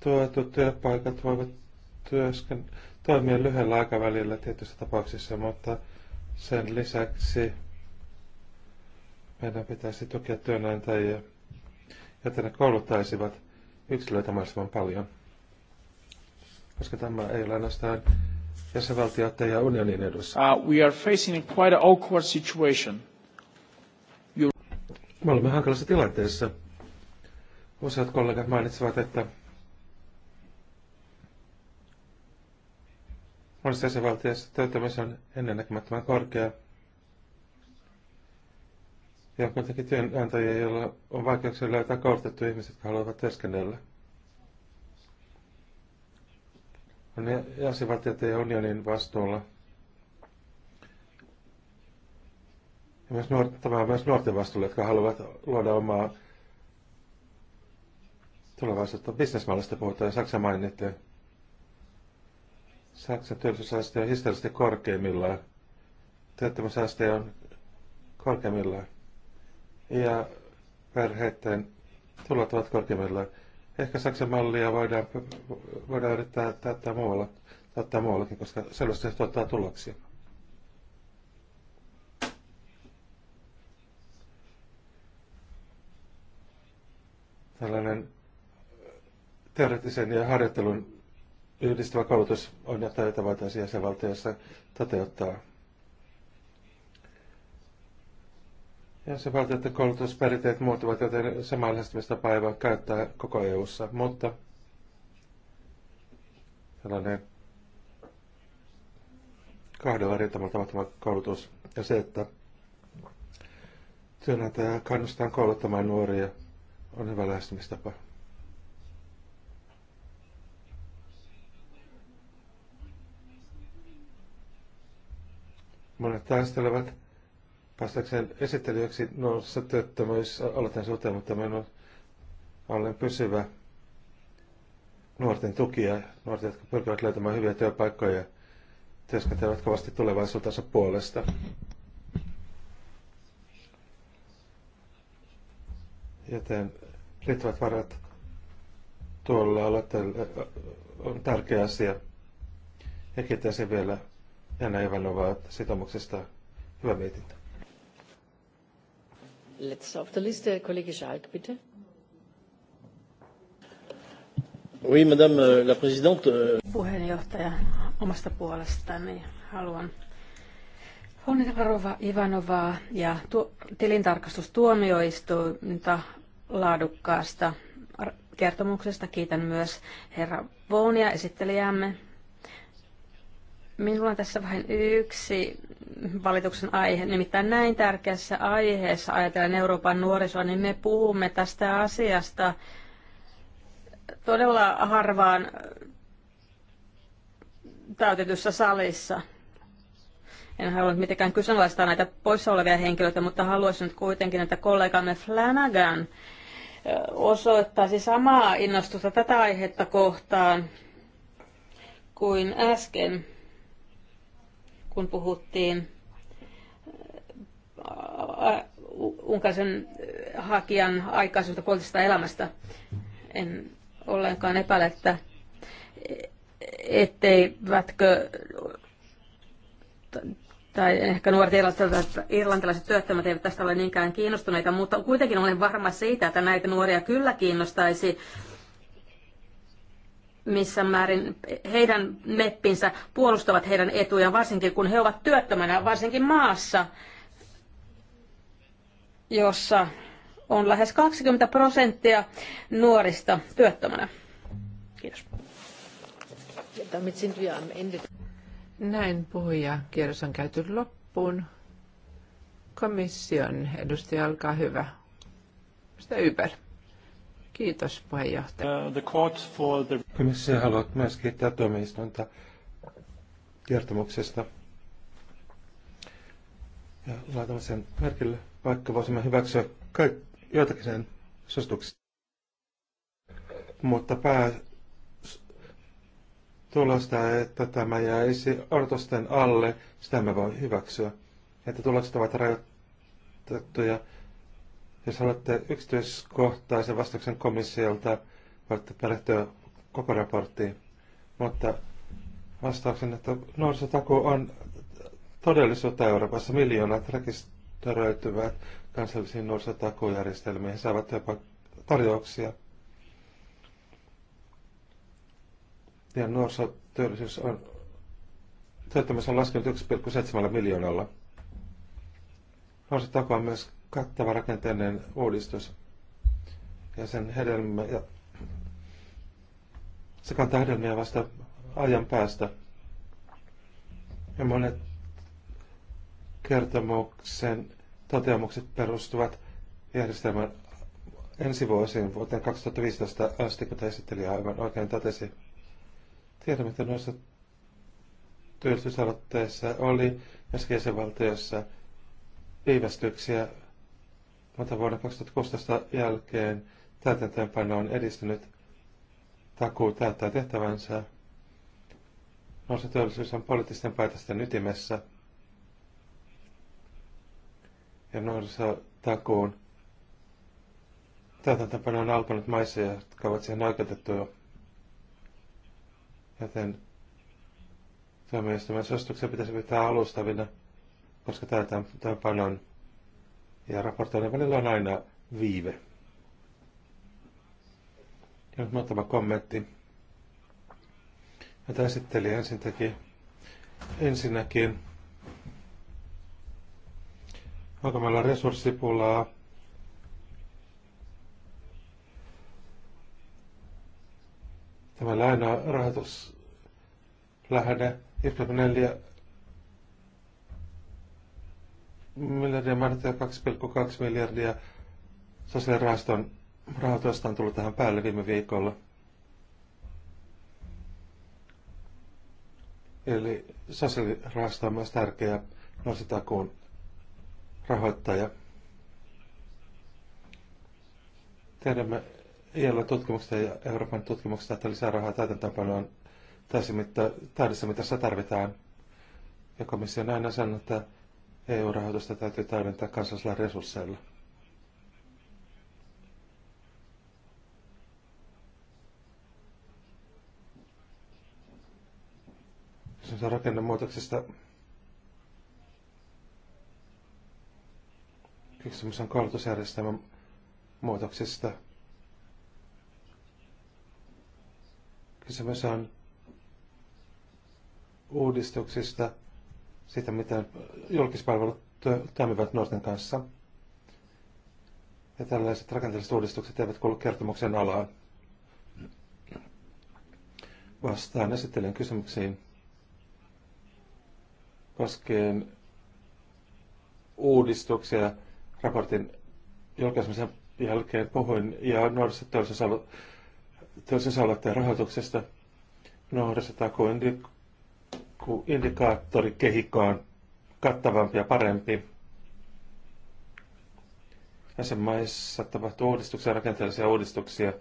Speaker 1: Tuotut työpaikat voivat työsken, toimia lyhyellä aikavälillä tietyissä tapauksissa, mutta sen lisäksi meidän pitäisi tukea työnantajia, jotta ne kouluttaisivat yksilöitä mahdollisimman paljon. Koska tämä ei ole ainoastaan jäsenvaltioiden ja unionin edussa.
Speaker 2: Uh, we are facing a quite awkward situation.
Speaker 1: You... Me olemme hankalassa tilanteessa. Useat kollegat mainitsivat, että monissa jäsenvaltioissa työttömyys on ennennäkemättömän korkea. Ja on kuitenkin työnantajia, joilla on vaikeuksia löytää koulutettuja ihmisiä, jotka haluavat työskennellä. on jäsenvaltioiden ja unionin vastuulla. Ja myös nuor- tämä on myös nuorten vastuulla, jotka haluavat luoda omaa tulevaisuutta. Bisnesmallista puhutaan Saksa mainittiin. Saksan työllisyysaste on historiallisesti korkeimmillaan. Työttömyysaste on korkeimmillaan. Ja perheiden tulot ovat korkeimmillaan. Ehkä Saksan mallia voidaan, voidaan yrittää täyttää muualla, täyttää muuallakin, koska sellaista se tuottaa tuloksia. Tällainen teoreettisen ja harjoittelun yhdistävä koulutus on jo jota voitaisiin jäsenvaltiossa toteuttaa. Ja se valtio, että koulutusperinteet muuttuvat, joten samaa lähestymistapaa ei voi käyttää koko EU-ssa, mutta tällainen kahdella rintamalla tapahtuva koulutus ja se, että työnantaja kannustaa kouluttamaan nuoria, on hyvä lähestymistapa. Monet taistelevat päästäkseen esittelijäksi noussa työttömyys aloitan suhteen, mutta on olen pysyvä nuorten tukija, nuorten, jotka pyrkivät löytämään hyviä työpaikkoja työskentelevät kovasti tulevaisuutensa puolesta. Joten riittävät varat tuolla aloitteella on tärkeä asia. Ja kiitäisin vielä Jana Ivanovaa sitomuksesta Hyvä mietintä.
Speaker 3: Äh,
Speaker 2: euh, euh,
Speaker 3: Puheenjohtaja, omasta puolestani haluan onnitella Ivanovaa ja tu- tilintarkastustuomioistuinta laadukkaasta kertomuksesta. Kiitän myös herra Vounia esittelijämme Minulla on tässä vähän yksi valituksen aihe, nimittäin näin tärkeässä aiheessa ajatellen Euroopan nuorisoa, niin me puhumme tästä asiasta todella harvaan täytetyssä salissa. En halua mitenkään kyseenalaistaa näitä poissa olevia henkilöitä, mutta haluaisin nyt kuitenkin, että kollegamme Flanagan osoittaisi samaa innostusta tätä aihetta kohtaan kuin äsken kun puhuttiin unkaisen hakijan aikaisesta poliittisesta elämästä. En ollenkaan epäile, että etteivätkö tai ehkä nuoret irlantilaiset, irlantilaiset työttömät eivät tästä ole niinkään kiinnostuneita, mutta kuitenkin olen varma siitä, että näitä nuoria kyllä kiinnostaisi missä määrin heidän meppinsä puolustavat heidän etujaan, varsinkin kun he ovat työttömänä, varsinkin maassa, jossa on lähes 20 prosenttia
Speaker 2: nuorista työttömänä. Kiitos. Näin puhuja kierros on käyty loppuun. Komission edustaja, olkaa hyvä. Sitä Uber. Kiitos puheenjohtaja. Uh, the...
Speaker 1: Komissio haluaa myös kiittää tuomioistuinta kertomuksesta. Ja laitamme sen merkille, vaikka voisimme hyväksyä kaik- joitakin sen suosituksia. Mutta pää tulosta, että tämä jäisi odotusten alle, sitä me voi hyväksyä. Että tulokset ovat rajoitettuja jos haluatte yksityiskohtaisen vastauksen komissiolta, voitte perehtyä koko raporttiin. Mutta vastauksen, että nuorisotaku on todellisuutta Euroopassa. Miljoonat rekisteröityvät kansallisiin nuorisotakujärjestelmiin. He saavat jopa tarjouksia. Ja nuorisotyöllisyys on, työttömyys on laskenut 1,7 miljoonalla. Nuorisotaku on myös kattava rakenteellinen uudistus ja sen hedelmä, ja se kantaa hedelmiä vasta ajan päästä. Ja monet kertomuksen toteamukset perustuvat järjestelmän ensi vuosiin vuoteen 2015 asti, kuten esitteli aivan oikein totesi. Tiedämme, että noissa työllisyysaloitteissa oli jossakin jäsenvaltiossa viivästyksiä mutta vuoden 2016 jälkeen täytäntöönpano on edistynyt. Takuu täyttää tehtävänsä. Nousutyöllisyys on poliittisten päätösten ytimessä. Ja nuorisotakuun täytäntöönpano on alkanut maissa, jotka ovat siihen oikeutettuja. Joten tuomioistuimen suosituksia pitäisi pitää alustavina, koska täytäntöönpanon ja raportoinnin välillä on aina viive. Ja nyt muutama kommentti, Mä esitteli ensin teki. Ensinnäkin, onko meillä resurssipulaa? Tämä lainarahoituslähde 1,4 miljardia mainittu 2,2 miljardia sosiaalirahaston rahoitusta on tullut tähän päälle viime viikolla. Eli sosiaalirahasto on myös tärkeä nuorisotakuun rahoittaja. Tiedämme iällä tutkimuksesta ja Euroopan tutkimuksesta, että lisää rahaa täytäntöönpanoon tässä mitä, taidessa, mitä sitä tarvitaan. Ja komissio on aina sanonut, että EU-rahoitusta täytyy täydentää kansallisilla resursseilla. Kysymys on rakennemuutoksesta. Kysymys on koulutusjärjestelmän muutoksista, Kysymys on uudistuksista – sitä, miten julkispalvelut toimivat nuorten kanssa. Ja tällaiset rakenteelliset uudistukset eivät kuulu kertomuksen alaan. Vastaan esittelen kysymyksiin koskien uudistuksia raportin julkaisemisen jälkeen puhuin ja nuorisotyöllisyysaloitteen rahoituksesta nuorisotakuun joku indikaattori on kattavampi ja parempi. Jäsenmaissa tapahtuu uudistuksia, rakenteellisia uudistuksia.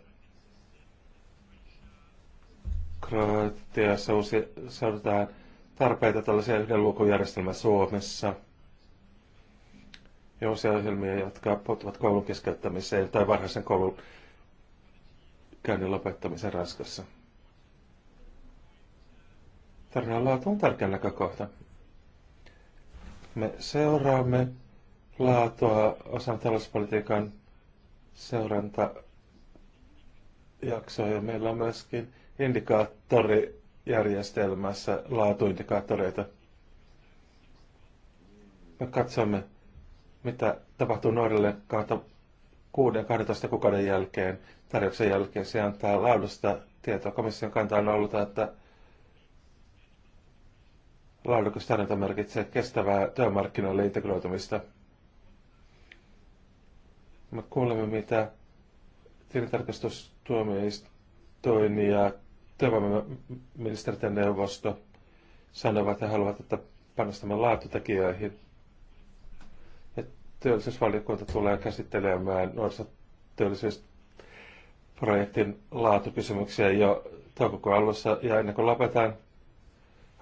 Speaker 1: Kroatiassa uusi, saadaan tarpeita tällaisia yhden lukujärjestelmän Suomessa. Ja uusia ohjelmia, jotka puuttuvat koulun keskeyttämiseen tai varhaisen koulun käynnin lopettamisen Ranskassa. Tarinan laatu on tärkeä näkökohta. Me seuraamme laatua osan talouspolitiikan seurantajaksoa ja meillä on myöskin indikaattorijärjestelmässä laatuindikaattoreita. Me katsomme, mitä tapahtuu nuorille 6-12 kuukauden jälkeen, tarjouksen jälkeen. Se antaa laadusta tietoa. Komission kanta on ollut, että Laadukas tarjonta merkitsee kestävää työmarkkinoille integroitumista. Me kuulemme, mitä tilintarkastustuomioistuin ja työvoimaministeriön neuvosto sanovat ja haluavat, että panostamme laatutekijöihin. Ja työllisyysvaliokunta tulee käsittelemään nuorisotyöllisyysprojektin laatukysymyksiä jo toukokuun alussa ja ennen kuin lopetan,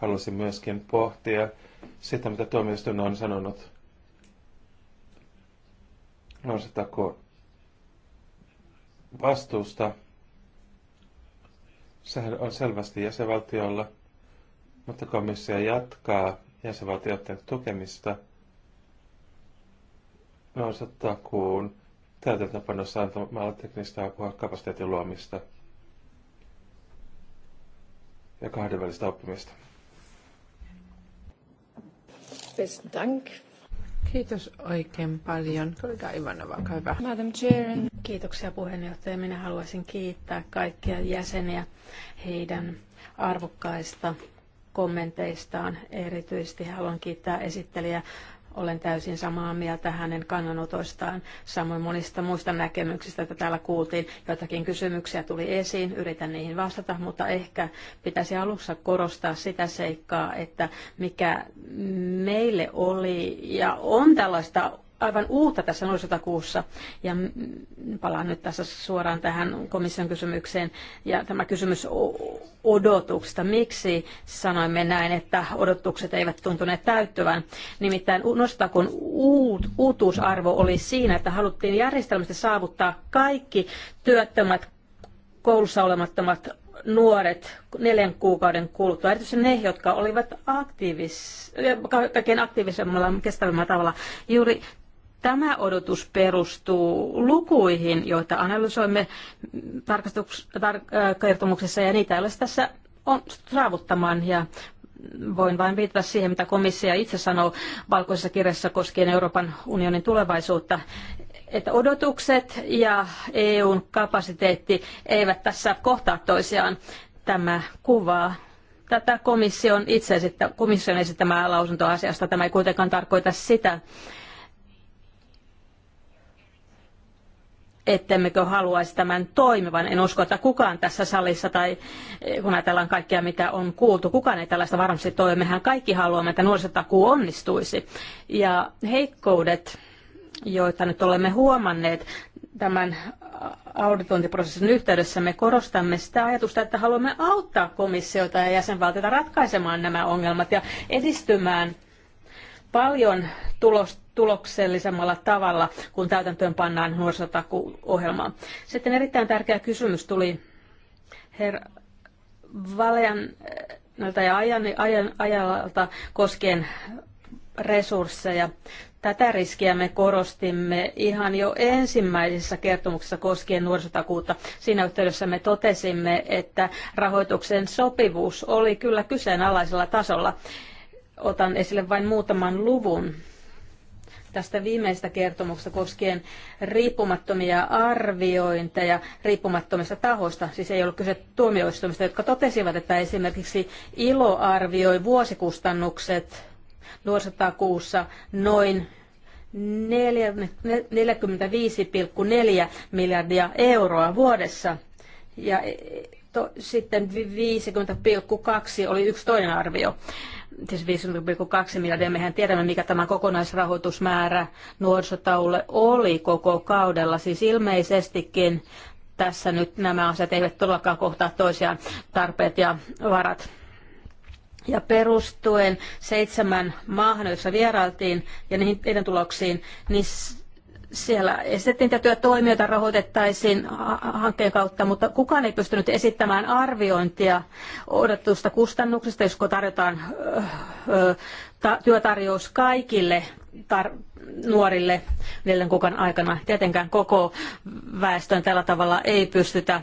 Speaker 1: halusin myöskin pohtia sitä, mitä tuomioistuin on sanonut nousetako vastuusta. Sehän on selvästi jäsenvaltiolla, mutta komissio jatkaa jäsenvaltioiden tukemista nousettakuun täytäntöpanossa antamalla teknistä apua kapasiteetin luomista ja kahdenvälistä oppimista.
Speaker 2: Besten Dank. Kiitos oikein paljon. Kollega Ivanova, olkaa hyvä. Madam Chair. Kiitoksia puheenjohtaja. Minä
Speaker 3: haluaisin kiittää kaikkia jäseniä heidän arvokkaista kommenteistaan. Erityisesti haluan kiittää esittelijä olen täysin samaa mieltä hänen kannanotoistaan, samoin monista muista näkemyksistä, joita täällä kuultiin. Joitakin kysymyksiä tuli esiin, yritän niihin vastata, mutta ehkä pitäisi alussa korostaa sitä seikkaa, että mikä meille oli ja on tällaista aivan uutta tässä nuorisotakuussa. Ja palaan nyt tässä suoraan tähän komission kysymykseen. Ja tämä kysymys odotuksesta. Miksi sanoimme näin, että odotukset eivät tuntuneet täyttyvän? Nimittäin nuorisotakuun uut, uutuusarvo oli siinä, että haluttiin järjestelmästä saavuttaa kaikki työttömät koulussa olemattomat nuoret neljän kuukauden kuluttua, erityisesti ne, jotka olivat aktiivis, kaikkein aktiivisemmalla kestävämmällä tavalla. Juuri Tämä odotus perustuu lukuihin, joita analysoimme tar- kertomuksessa, ja niitä ei ole tässä on saavuttamaan. Ja voin vain viitata siihen, mitä komissio itse sanoo valkoisessa kirjassa koskien Euroopan unionin tulevaisuutta, että odotukset ja EUn kapasiteetti eivät tässä kohtaa toisiaan. Tämä kuvaa tätä komission, itse esittä, komission esittämää lausuntoasiasta. Tämä ei kuitenkaan tarkoita sitä, ettemmekö haluaisi tämän toimivan. En usko, että kukaan tässä salissa tai eh, kun ajatellaan kaikkea, mitä on kuultu, kukaan ei tällaista varmasti toivo. Mehän kaikki haluamme, että nuorisotakuu onnistuisi. Ja heikkoudet, joita nyt olemme huomanneet tämän auditointiprosessin yhteydessä, me korostamme sitä ajatusta, että haluamme auttaa komissiota ja jäsenvaltioita ratkaisemaan nämä ongelmat ja edistymään – paljon tulos, tuloksellisemmalla tavalla, kun täytäntöön pannaan nuorisotakuohjelmaa. Sitten erittäin tärkeä kysymys tuli herra Valean ja ajan, ajan, ajalta koskien resursseja. Tätä riskiä me korostimme ihan jo ensimmäisessä kertomuksessa koskien nuorisotakuutta. Siinä yhteydessä me totesimme, että rahoituksen sopivuus oli kyllä kyseenalaisella tasolla. Otan esille vain muutaman luvun tästä viimeistä kertomuksesta koskien riippumattomia arviointeja riippumattomista tahoista. Siis ei ollut kyse tuomioistuimista, jotka totesivat, että esimerkiksi ILO arvioi vuosikustannukset nuorisotakuussa noin 45,4 miljardia euroa vuodessa. Ja e- to, sitten 50,2 oli yksi toinen arvio. 5,2 siis miljardia. Mehän tiedämme, mikä tämä kokonaisrahoitusmäärä nuorisotaulle oli koko kaudella. Siis ilmeisestikin tässä nyt nämä asiat eivät todellakaan kohtaa toisiaan, tarpeet ja varat. Ja perustuen seitsemän maahan, joissa vierailtiin ja niihin teidän tuloksiin, niin siellä esitettiin tiettyjä toimijoita rahoitettaisiin hankkeen kautta, mutta kukaan ei pystynyt esittämään arviointia odotetusta kustannuksista, josko tarjotaan työtarjous kaikille nuorille neljän kuukauden aikana. Tietenkään koko väestön tällä tavalla ei pystytä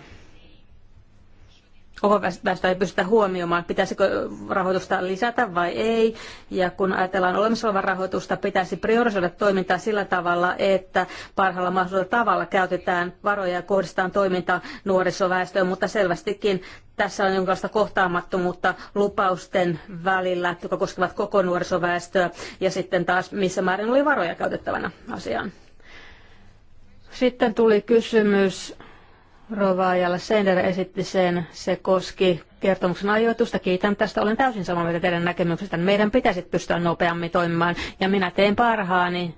Speaker 3: Omaväestöä ei pystytä huomioimaan, pitäisikö rahoitusta lisätä vai ei. Ja kun ajatellaan olemassa olevaa rahoitusta, pitäisi priorisoida toimintaa sillä tavalla, että parhaalla mahdollisella tavalla käytetään varoja ja kohdistetaan toiminta nuorisoväestöön, mutta selvästikin tässä on jonkinlaista kohtaamattomuutta lupausten välillä, jotka koskevat koko nuorisoväestöä, ja sitten taas missä määrin oli varoja käytettävänä asiaan. Sitten tuli kysymys Rovaajalla Sender esitti sen. Se koski kertomuksen ajoitusta. Kiitän tästä. Olen täysin samaa mieltä teidän näkemyksestä. Meidän pitäisi pystyä nopeammin toimimaan ja minä teen parhaani.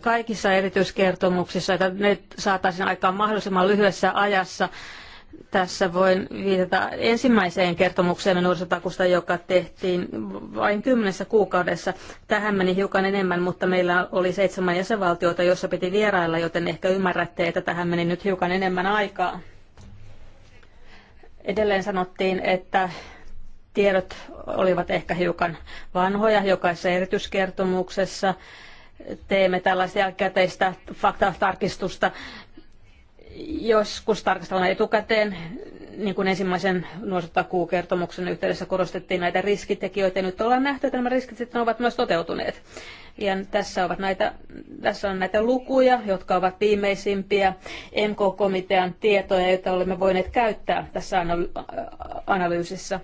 Speaker 3: Kaikissa erityiskertomuksissa, että ne saataisiin aikaan mahdollisimman lyhyessä ajassa tässä voin viitata ensimmäiseen kertomukseen nuorisotakusta, joka tehtiin vain kymmenessä kuukaudessa. Tähän meni hiukan enemmän, mutta meillä oli seitsemän jäsenvaltiota, joissa piti vierailla, joten ehkä ymmärrätte, että tähän meni nyt hiukan enemmän aikaa. Edelleen sanottiin, että tiedot olivat ehkä hiukan vanhoja jokaisessa erityiskertomuksessa teemme tällaista jälkikäteistä faktatarkistusta joskus tarkastellaan etukäteen, niin kuin ensimmäisen nuorisotakuukertomuksen yhteydessä korostettiin näitä riskitekijöitä, ja nyt ollaan nähty, että nämä riskit sitten ovat myös toteutuneet. Ja tässä, ovat näitä, tässä on näitä lukuja, jotka ovat viimeisimpiä MK-komitean tietoja, joita olemme voineet käyttää tässä analyysissä.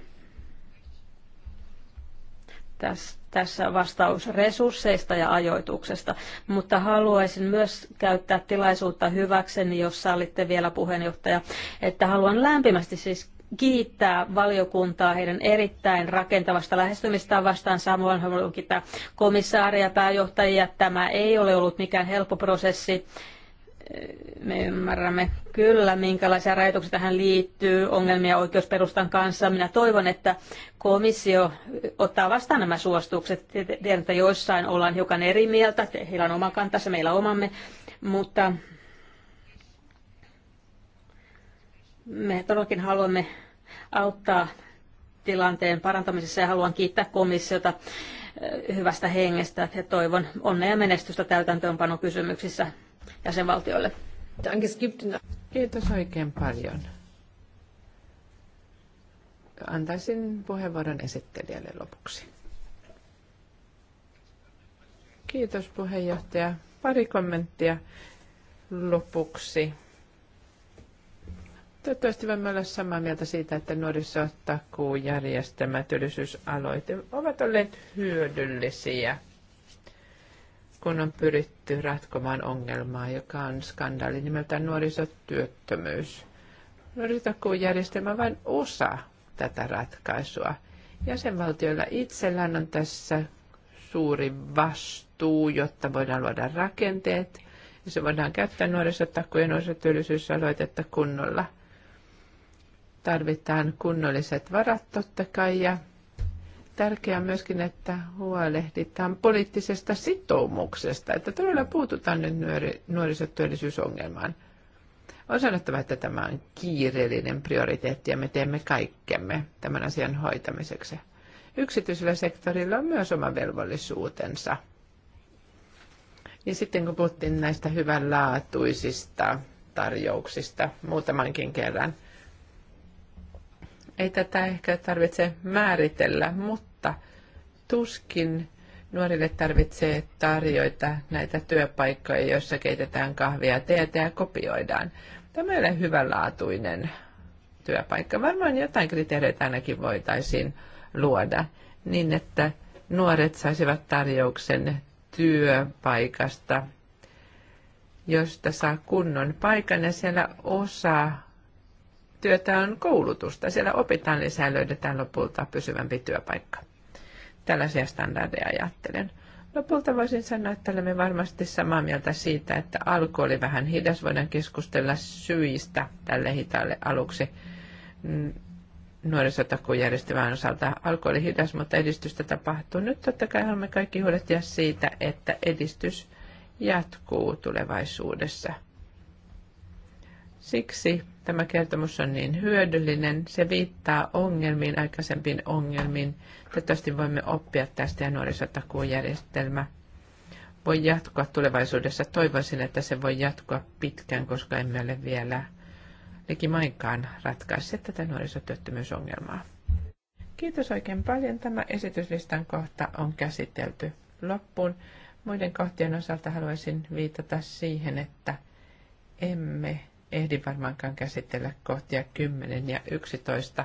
Speaker 3: Tästä tässä vastaus resursseista ja ajoituksesta, mutta haluaisin myös käyttää tilaisuutta hyväkseni, jos sallitte vielä puheenjohtaja, että haluan lämpimästi siis kiittää valiokuntaa heidän erittäin rakentavasta lähestymistavastansa. Samoin haluan kiittää komissaaria ja pääjohtajia. Tämä ei ole ollut mikään helppo prosessi me ymmärrämme kyllä, minkälaisia rajoituksia tähän liittyy, ongelmia oikeusperustan kanssa. Minä toivon, että komissio ottaa vastaan nämä suostukset. Tiedän, että joissain ollaan hiukan eri mieltä, heillä on oma kantansa, meillä omamme, mutta me todellakin haluamme auttaa tilanteen parantamisessa ja haluan kiittää komissiota eh, hyvästä hengestä ja toivon onnea ja menestystä täytäntöönpanokysymyksissä. kysymyksissä jäsenvaltioille. Kiitos oikein
Speaker 2: paljon. Antaisin puheenvuoron esittelijälle lopuksi. Kiitos puheenjohtaja. Pari kommenttia lopuksi. Toivottavasti voimme olla samaa mieltä siitä, että nuorisotakuujärjestelmä työllisyysaloite ovat olleet hyödyllisiä – kun on pyritty ratkomaan ongelmaa, joka on skandaali nimeltään nuorisotyöttömyys. Nuorisotakuujärjestelmä vain osa tätä ratkaisua. Jäsenvaltioilla itsellään on tässä suuri vastuu, jotta voidaan luoda rakenteet, ja se voidaan käyttää nuorisotakuun ja nuorisotyöllisyysaloitetta kunnolla. Tarvitaan kunnolliset varat totta kai, ja Tärkeää myöskin, että huolehditaan poliittisesta sitoumuksesta, että todella puututaan nyt nuori, nuorisotyöllisyysongelmaan. On sanottava, että tämä on kiireellinen prioriteetti ja me teemme kaikkemme tämän asian hoitamiseksi. Yksityisellä sektorilla on myös oma velvollisuutensa. Ja sitten kun puhuttiin näistä hyvänlaatuisista tarjouksista muutamankin kerran, ei tätä ehkä tarvitse määritellä, mutta tuskin nuorille tarvitsee tarjoita näitä työpaikkoja, joissa keitetään kahvia, teetä ja kopioidaan. Tämä ei ole hyvänlaatuinen työpaikka. Varmaan jotain kriteereitä ainakin voitaisiin luoda niin, että nuoret saisivat tarjouksen työpaikasta, josta saa kunnon paikan ja siellä osaa työtä on koulutusta. Siellä opitaan lisää ja löydetään lopulta pysyvämpi työpaikka. Tällaisia standardeja ajattelen. Lopulta voisin sanoa, että olemme varmasti samaa mieltä siitä, että alku oli vähän hidas. Voidaan keskustella syistä tälle hitaalle aluksi järjestävän osalta. Alku oli hidas, mutta edistystä tapahtuu. Nyt totta kai haluamme kaikki huolehtia siitä, että edistys jatkuu tulevaisuudessa. Siksi Tämä kertomus on niin hyödyllinen. Se viittaa ongelmiin, aikaisempiin ongelmiin. Toivottavasti voimme oppia tästä ja nuorisotakuujärjestelmä voi jatkua tulevaisuudessa. Toivoisin, että se voi jatkua pitkään, koska emme ole vielä likimainkaan ratkaisseet tätä nuorisotyöttömyysongelmaa. Kiitos oikein paljon. Tämä esityslistan kohta on käsitelty loppuun. Muiden kohtien osalta haluaisin viitata siihen, että emme ehdi varmaankaan käsitellä kohtia 10 ja 11,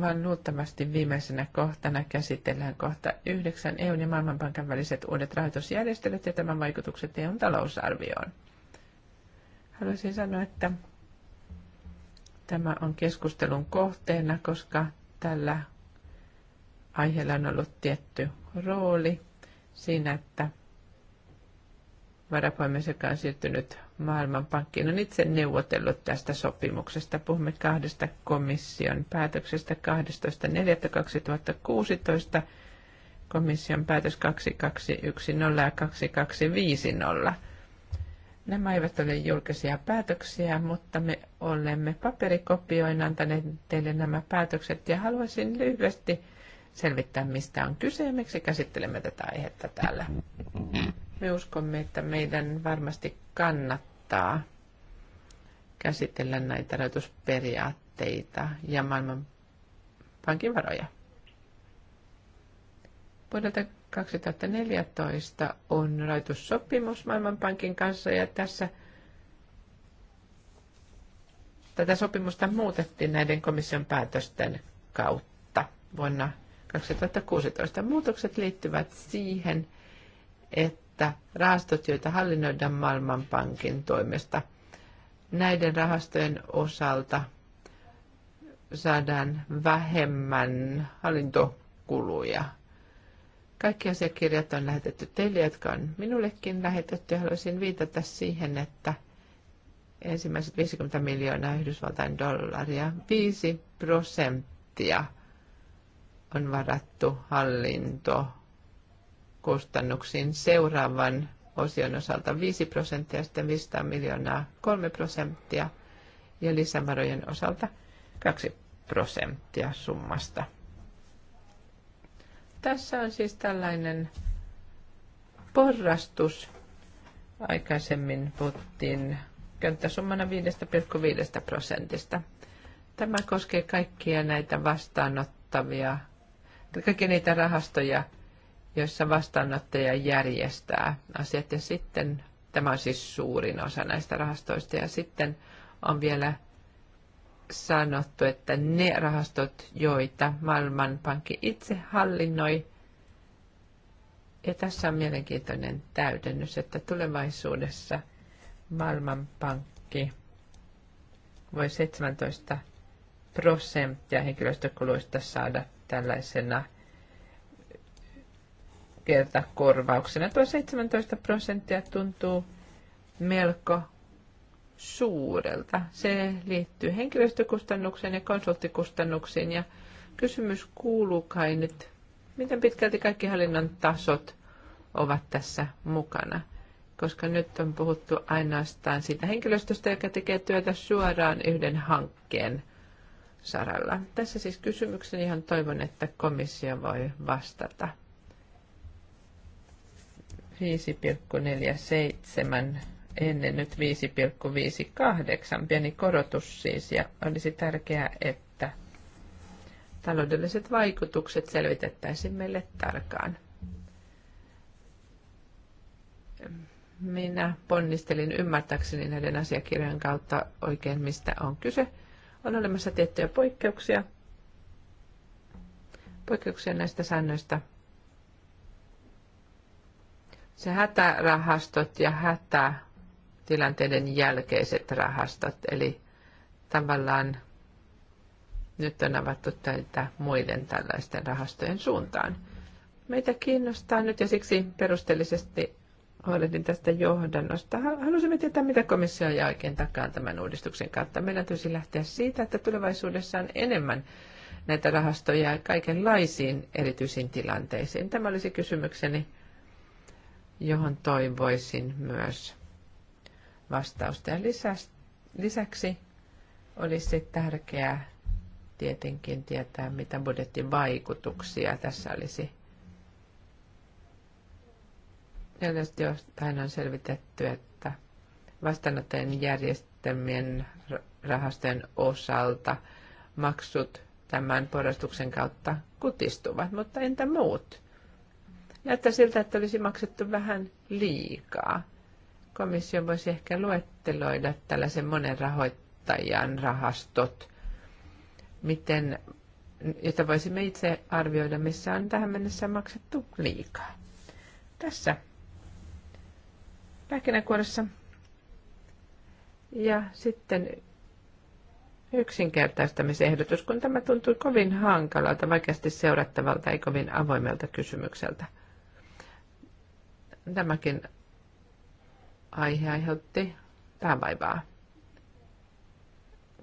Speaker 2: vaan luultavasti viimeisenä kohtana käsitellään kohta 9 EUn ja Maailmanpankan väliset uudet rahoitusjärjestelyt ja tämän vaikutukset EUn talousarvioon. Haluaisin sanoa, että tämä on keskustelun kohteena, koska tällä aiheella on ollut tietty rooli siinä, että varapuhemies, joka on siirtynyt Maailmanpankkiin, on itse neuvotellut tästä sopimuksesta. Puhumme kahdesta komission päätöksestä 12.4.2016, komission päätös 2210 ja 2250. Nämä eivät ole julkisia päätöksiä, mutta me olemme paperikopioin antaneet teille nämä päätökset ja haluaisin lyhyesti selvittää, mistä on kyse ja miksi käsittelemme tätä aihetta täällä. Me uskomme, että meidän varmasti kannattaa käsitellä näitä rajoitusperiaatteita ja maailmanpankin varoja. Vuodelta 2014 on rajoitussopimus Maailmanpankin kanssa ja tässä tätä sopimusta muutettiin näiden komission päätösten kautta vuonna 2016. Muutokset liittyvät siihen, että rahastot, joita hallinnoidaan Maailmanpankin toimesta, näiden rahastojen osalta saadaan vähemmän hallintokuluja. Kaikki asiakirjat on lähetetty teille, jotka on minullekin lähetetty. Haluaisin viitata siihen, että ensimmäiset 50 miljoonaa Yhdysvaltain dollaria, 5 prosenttia – on varattu hallinto kustannuksiin seuraavan osion osalta 5 prosenttia, sitten 500 miljoonaa 3 prosenttia ja lisävarojen osalta 2 prosenttia summasta. Tässä on siis tällainen porrastus. Aikaisemmin puhuttiin könttäsummana 5,5 prosentista. Tämä koskee kaikkia näitä vastaanottavia kaikki niitä rahastoja, joissa vastaanottaja järjestää asiat. Ja sitten tämä on siis suurin osa näistä rahastoista. Ja sitten on vielä sanottu, että ne rahastot, joita Maailmanpankki itse hallinnoi, ja tässä on mielenkiintoinen täydennys, että tulevaisuudessa Maailmanpankki voi 17 prosenttia henkilöstökuluista saada tällaisena kertakorvauksena. Tuo 17 prosenttia tuntuu melko suurelta. Se liittyy henkilöstökustannuksiin ja konsulttikustannuksiin ja kysymys kuuluu kai nyt, miten pitkälti kaikki hallinnon tasot ovat tässä mukana, koska nyt on puhuttu ainoastaan siitä henkilöstöstä, joka tekee työtä suoraan yhden hankkeen saralla. Tässä siis kysymyksen ihan toivon, että komissio voi vastata. 5,47 ennen nyt 5,58, pieni korotus siis, ja olisi tärkeää, että taloudelliset vaikutukset selvitettäisiin meille tarkkaan. Minä ponnistelin ymmärtääkseni näiden asiakirjojen kautta oikein, mistä on kyse – on olemassa tiettyjä poikkeuksia. Poikkeuksia näistä säännöistä. Se hätärahastot ja hätätilanteiden jälkeiset rahastot, eli tavallaan nyt on avattu tätä muiden tällaisten rahastojen suuntaan. Meitä kiinnostaa nyt ja siksi perusteellisesti huolehdin tästä johdannosta. Haluaisimme tietää, mitä komissio ja oikein takaa tämän uudistuksen kautta. Meidän tulisi lähteä siitä, että tulevaisuudessa on enemmän näitä rahastoja kaikenlaisiin erityisiin tilanteisiin. Tämä olisi kysymykseni, johon toivoisin myös vastausta. Ja lisäksi olisi tärkeää tietenkin tietää, mitä budjettivaikutuksia tässä olisi Yleisesti ottaen on selvitetty, että vastaanottajien järjestelmien rahastojen osalta maksut tämän porrastuksen kautta kutistuvat, mutta entä muut? Näyttää siltä, että olisi maksettu vähän liikaa. Komissio voisi ehkä luetteloida tällaisen monen rahoittajan rahastot, miten, jota voisimme itse arvioida, missä on tähän mennessä maksettu liikaa. Tässä pähkinäkuoressa. Ja sitten yksinkertaistamisehdotus, kun tämä tuntui kovin hankalalta, vaikeasti seurattavalta, ei kovin avoimelta kysymykseltä. Tämäkin aihe aiheutti päävaivaa.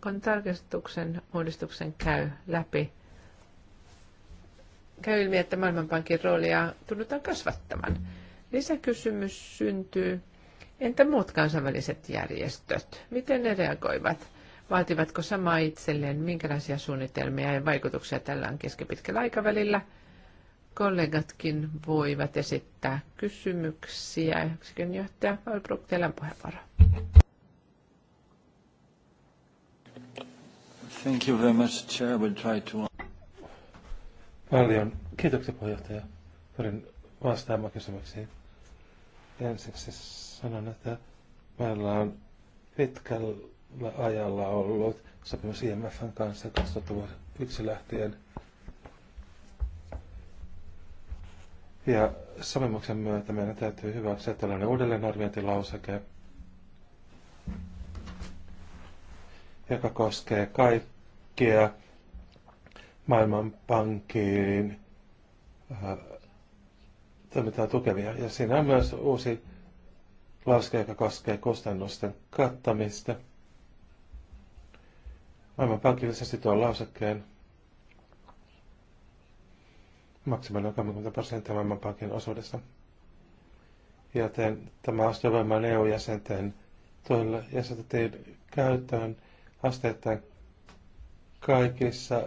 Speaker 2: Kun tarkistuksen uudistuksen käy läpi, käy ilmi, että Maailmanpankin roolia tunnutaan kasvattavan. Lisäkysymys syntyy, Entä muut kansainväliset järjestöt? Miten ne reagoivat? Vaativatko sama itselleen? Minkälaisia suunnitelmia ja vaikutuksia tällä on keskipitkällä aikavälillä? Kollegatkin voivat esittää kysymyksiä. Yksikön johtaja Valbruk, teillä on puheenvuoro.
Speaker 1: Thank you very much, Chair. We'll try to... Paljon. Kiitoksia puheenjohtaja. Pyrin vastaamaan kysymyksiin ensiksi sanon, että meillä on pitkällä ajalla ollut sopimus IMFn kanssa 2001 lähtien. Ja sopimuksen myötä meidän täytyy hyväksyä tällainen uudelleenarviointilauseke, joka koskee kaikkia Maailmanpankin äh, toimintaa tukevia. Ja siinä on myös uusi laske, joka koskee kustannusten kattamista. Maailmanpankki pankillisesti tuon lausekkeen maksimaalinen 30 prosenttia Maailmanpankin osuudesta. Joten tämä astuu voimaan EU-jäsenten tuolla jäsetettiin käyttöön asteittain kaikissa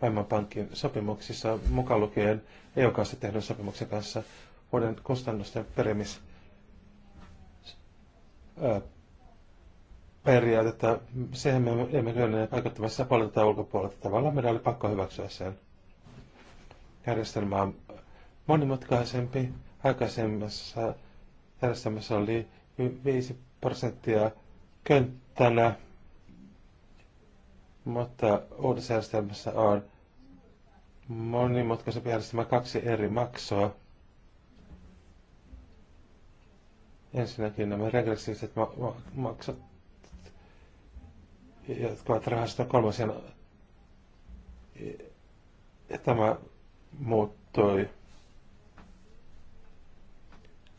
Speaker 1: Maailmanpankin sopimuksissa, mukaan lukien EU kanssa tehdyn sopimuksen kanssa vuoden kustannusten perimis periaatetta. Sehän me emme kyenneet vaikuttamassa paljon tätä ulkopuolelta. Tavallaan meidän oli pakko hyväksyä sen. Järjestelmä on monimutkaisempi. Aikaisemmassa järjestelmässä oli 5 prosenttia könttänä mutta uudessa järjestelmässä on monimutkaisempi järjestelmä kaksi eri maksua. Ensinnäkin nämä regressiiviset ma- ma- maksut, jotka ovat rahasta kolmasena. Tämä muuttui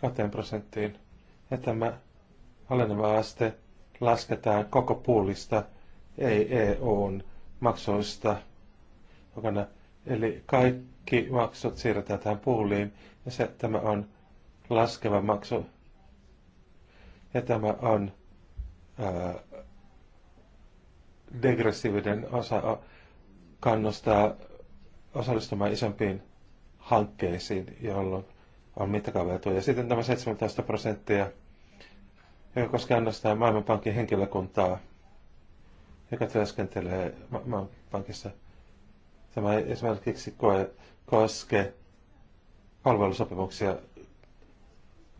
Speaker 1: 2 prosenttiin. Ja tämä aleneva aste lasketaan koko puulista ei EUn maksuista mukana. Eli kaikki maksut siirretään tähän puuliin ja se, tämä on laskeva maksu. Ja tämä on ää, degressiivinen osa kannustaa osallistumaan isompiin hankkeisiin, jolloin on mittakaavaetuja. Ja sitten tämä 17 prosenttia, joka koskee ainoastaan Maailmanpankin henkilökuntaa – joka työskentelee ma- maanpankissa. Tämä ei esimerkiksi koe, koske palvelusopimuksia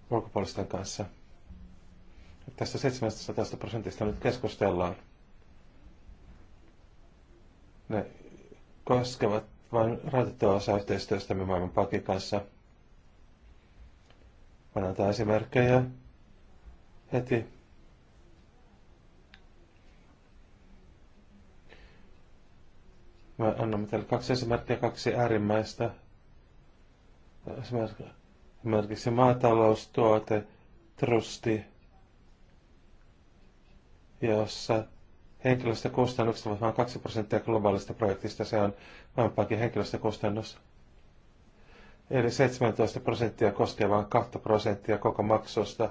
Speaker 1: ulkopuolisten kanssa. Tästä 700 prosentista nyt keskustellaan. Ne koskevat vain rajoitettua osa maailman maailmanpankin kanssa. Voin antaa esimerkkejä heti Mä annan teille kaksi esimerkkiä, kaksi äärimmäistä. Esimerkiksi maataloustuote, trusti, jossa henkilöstökustannukset ovat vain 2 prosenttia globaalista projektista. Se on vampiakin henkilöstökustannus. Eli 17 prosenttia koskee vain 2 prosenttia koko maksusta.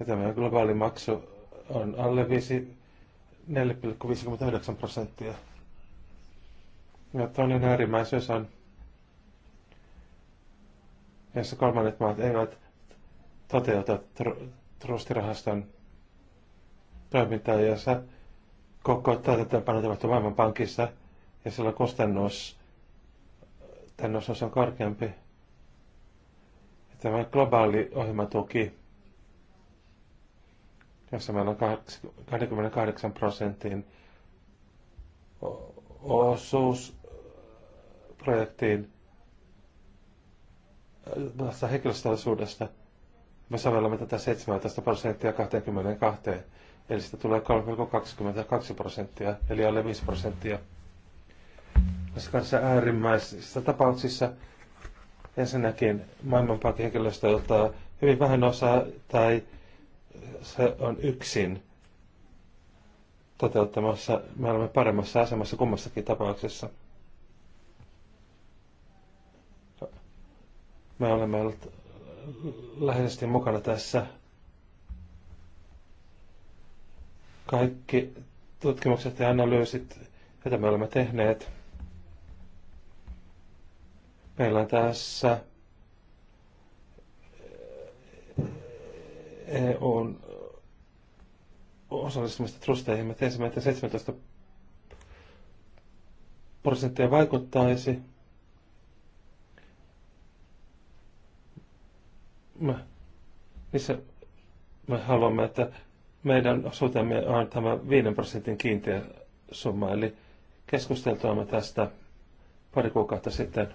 Speaker 1: Ja tämä globaali maksu on alle 5 4,59 prosenttia. Ja toinen äärimmäisyys on, jossa kolmannet maat eivät toteuta tr- trustirahaston toimintaa, jossa koko täytäntöönpano tapahtuu pankissa ja sillä kustannus tämän osuus on korkeampi. Tämä globaali ohjelmatuki jossa meillä on 28 prosentin osuus äh, projektiin äh, henkilöstöllisuudesta. Me sovellamme tätä 17 prosenttia 22, eli sitä tulee 3,22 prosenttia, eli alle 5 prosenttia. Tässä kanssa äärimmäisissä tapauksissa ensinnäkin maailmanpankin henkilöstöltä hyvin vähän osaa tai se on yksin toteuttamassa, me paremmassa asemassa kummassakin tapauksessa. Me olemme olleet läheisesti mukana tässä. Kaikki tutkimukset ja analyysit, joita me olemme tehneet, meillä on tässä EUn osallistumista trusteihin, että ensimmäinen 17 prosenttia vaikuttaisi. Mä, missä me haluamme, että meidän osuutemme on tämä 5 prosentin kiinteä summa, eli keskusteltuamme tästä pari kuukautta sitten.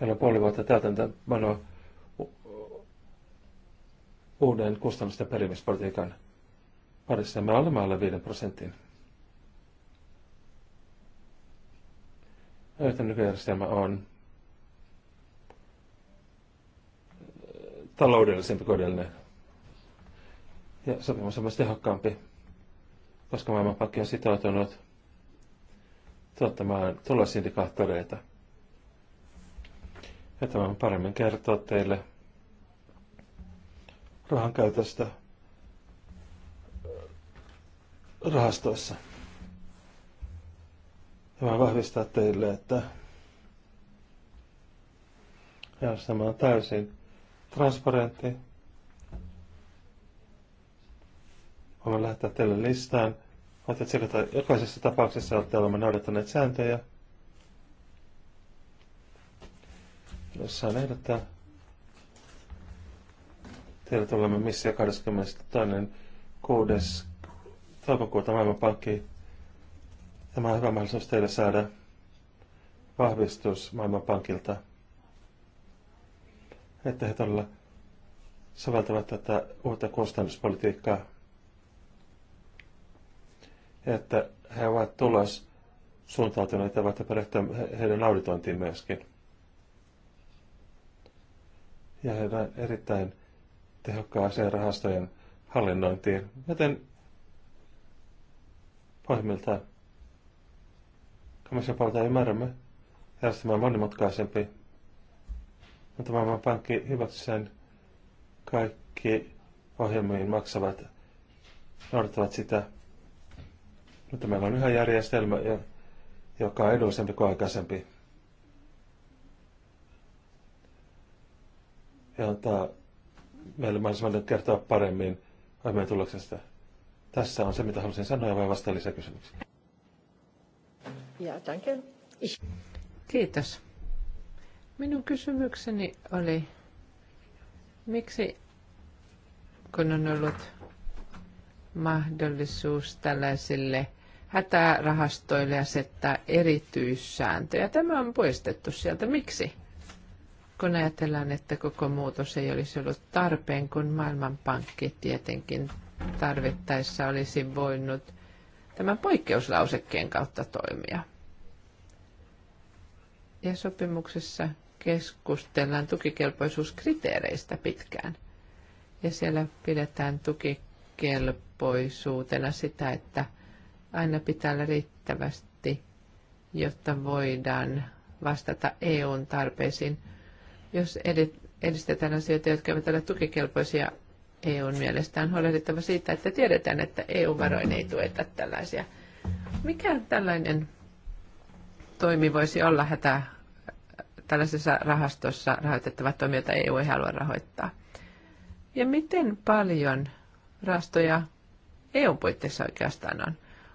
Speaker 1: Meillä on puoli vuotta täytäntöönpanoa uuden kustannusten perimispolitiikan parissa. Me olemme alle 5 prosentin. Joten nykyjärjestelmä on taloudellisempi kuin edellinen. Ja sopimus on myös tehokkaampi, koska maailmanpankki on sitoutunut tuottamaan tulosindikaattoreita. Ja tämä paremmin kertoo teille – rahan käytöstä äh, rahastoissa. Ja voin vahvistaa teille, että järjestelmä on täysin transparentti. Voimme lähettää teille listaan. Voitte tsekata jokaisessa tapauksessa, olette olemme noudattaneet sääntöjä. Jos saan ehdottaa, Tervetuloa missio 22. toukokuuta pankki, Tämä on hyvä mahdollisuus teille saada vahvistus Maailmanpankilta, että he todella soveltavat tätä uutta kustannuspolitiikkaa. että he ovat tulos suuntautuneita ja voitte perehtyä heidän auditointiin myöskin. Ja heidän erittäin tehokkaaseen rahastojen hallinnointiin. Joten pohjimmiltaan komission puolta ymmärrämme järjestämään monimutkaisempi, mutta maailman pankki hyväksy sen kaikki ohjelmiin maksavat noudattavat sitä. Mutta meillä on yhä järjestelmä, joka on edullisempi kuin aikaisempi. Ja meille mahdollisimman kertoa paremmin ohjelmien tuloksesta. Tässä on se, mitä halusin sanoa, ja voin vastata lisäkysymyksiin.
Speaker 2: Ja, danke. Kiitos. Minun kysymykseni oli, miksi kun on ollut mahdollisuus tällaisille hätärahastoille asettaa erityissääntöjä. Tämä on poistettu sieltä. Miksi? kun ajatellaan, että koko muutos ei olisi ollut tarpeen, kun Maailmanpankki tietenkin tarvittaessa olisi voinut tämän poikkeuslausekkeen kautta toimia. Ja sopimuksessa keskustellaan tukikelpoisuuskriteereistä pitkään. Ja siellä pidetään tukikelpoisuutena sitä, että aina pitää olla riittävästi, jotta voidaan vastata EUn tarpeisiin – jos edistetään asioita, jotka eivät ole tukikelpoisia EUn mielestä, on huolehdittava siitä, että tiedetään, että EU-varoin ei tueta tällaisia. Mikä tällainen toimi voisi olla hätä äh, tällaisessa rahastossa rahoitettava toimi, jota EU ei halua rahoittaa? Ja miten paljon rahastoja EUn puitteissa oikeastaan on?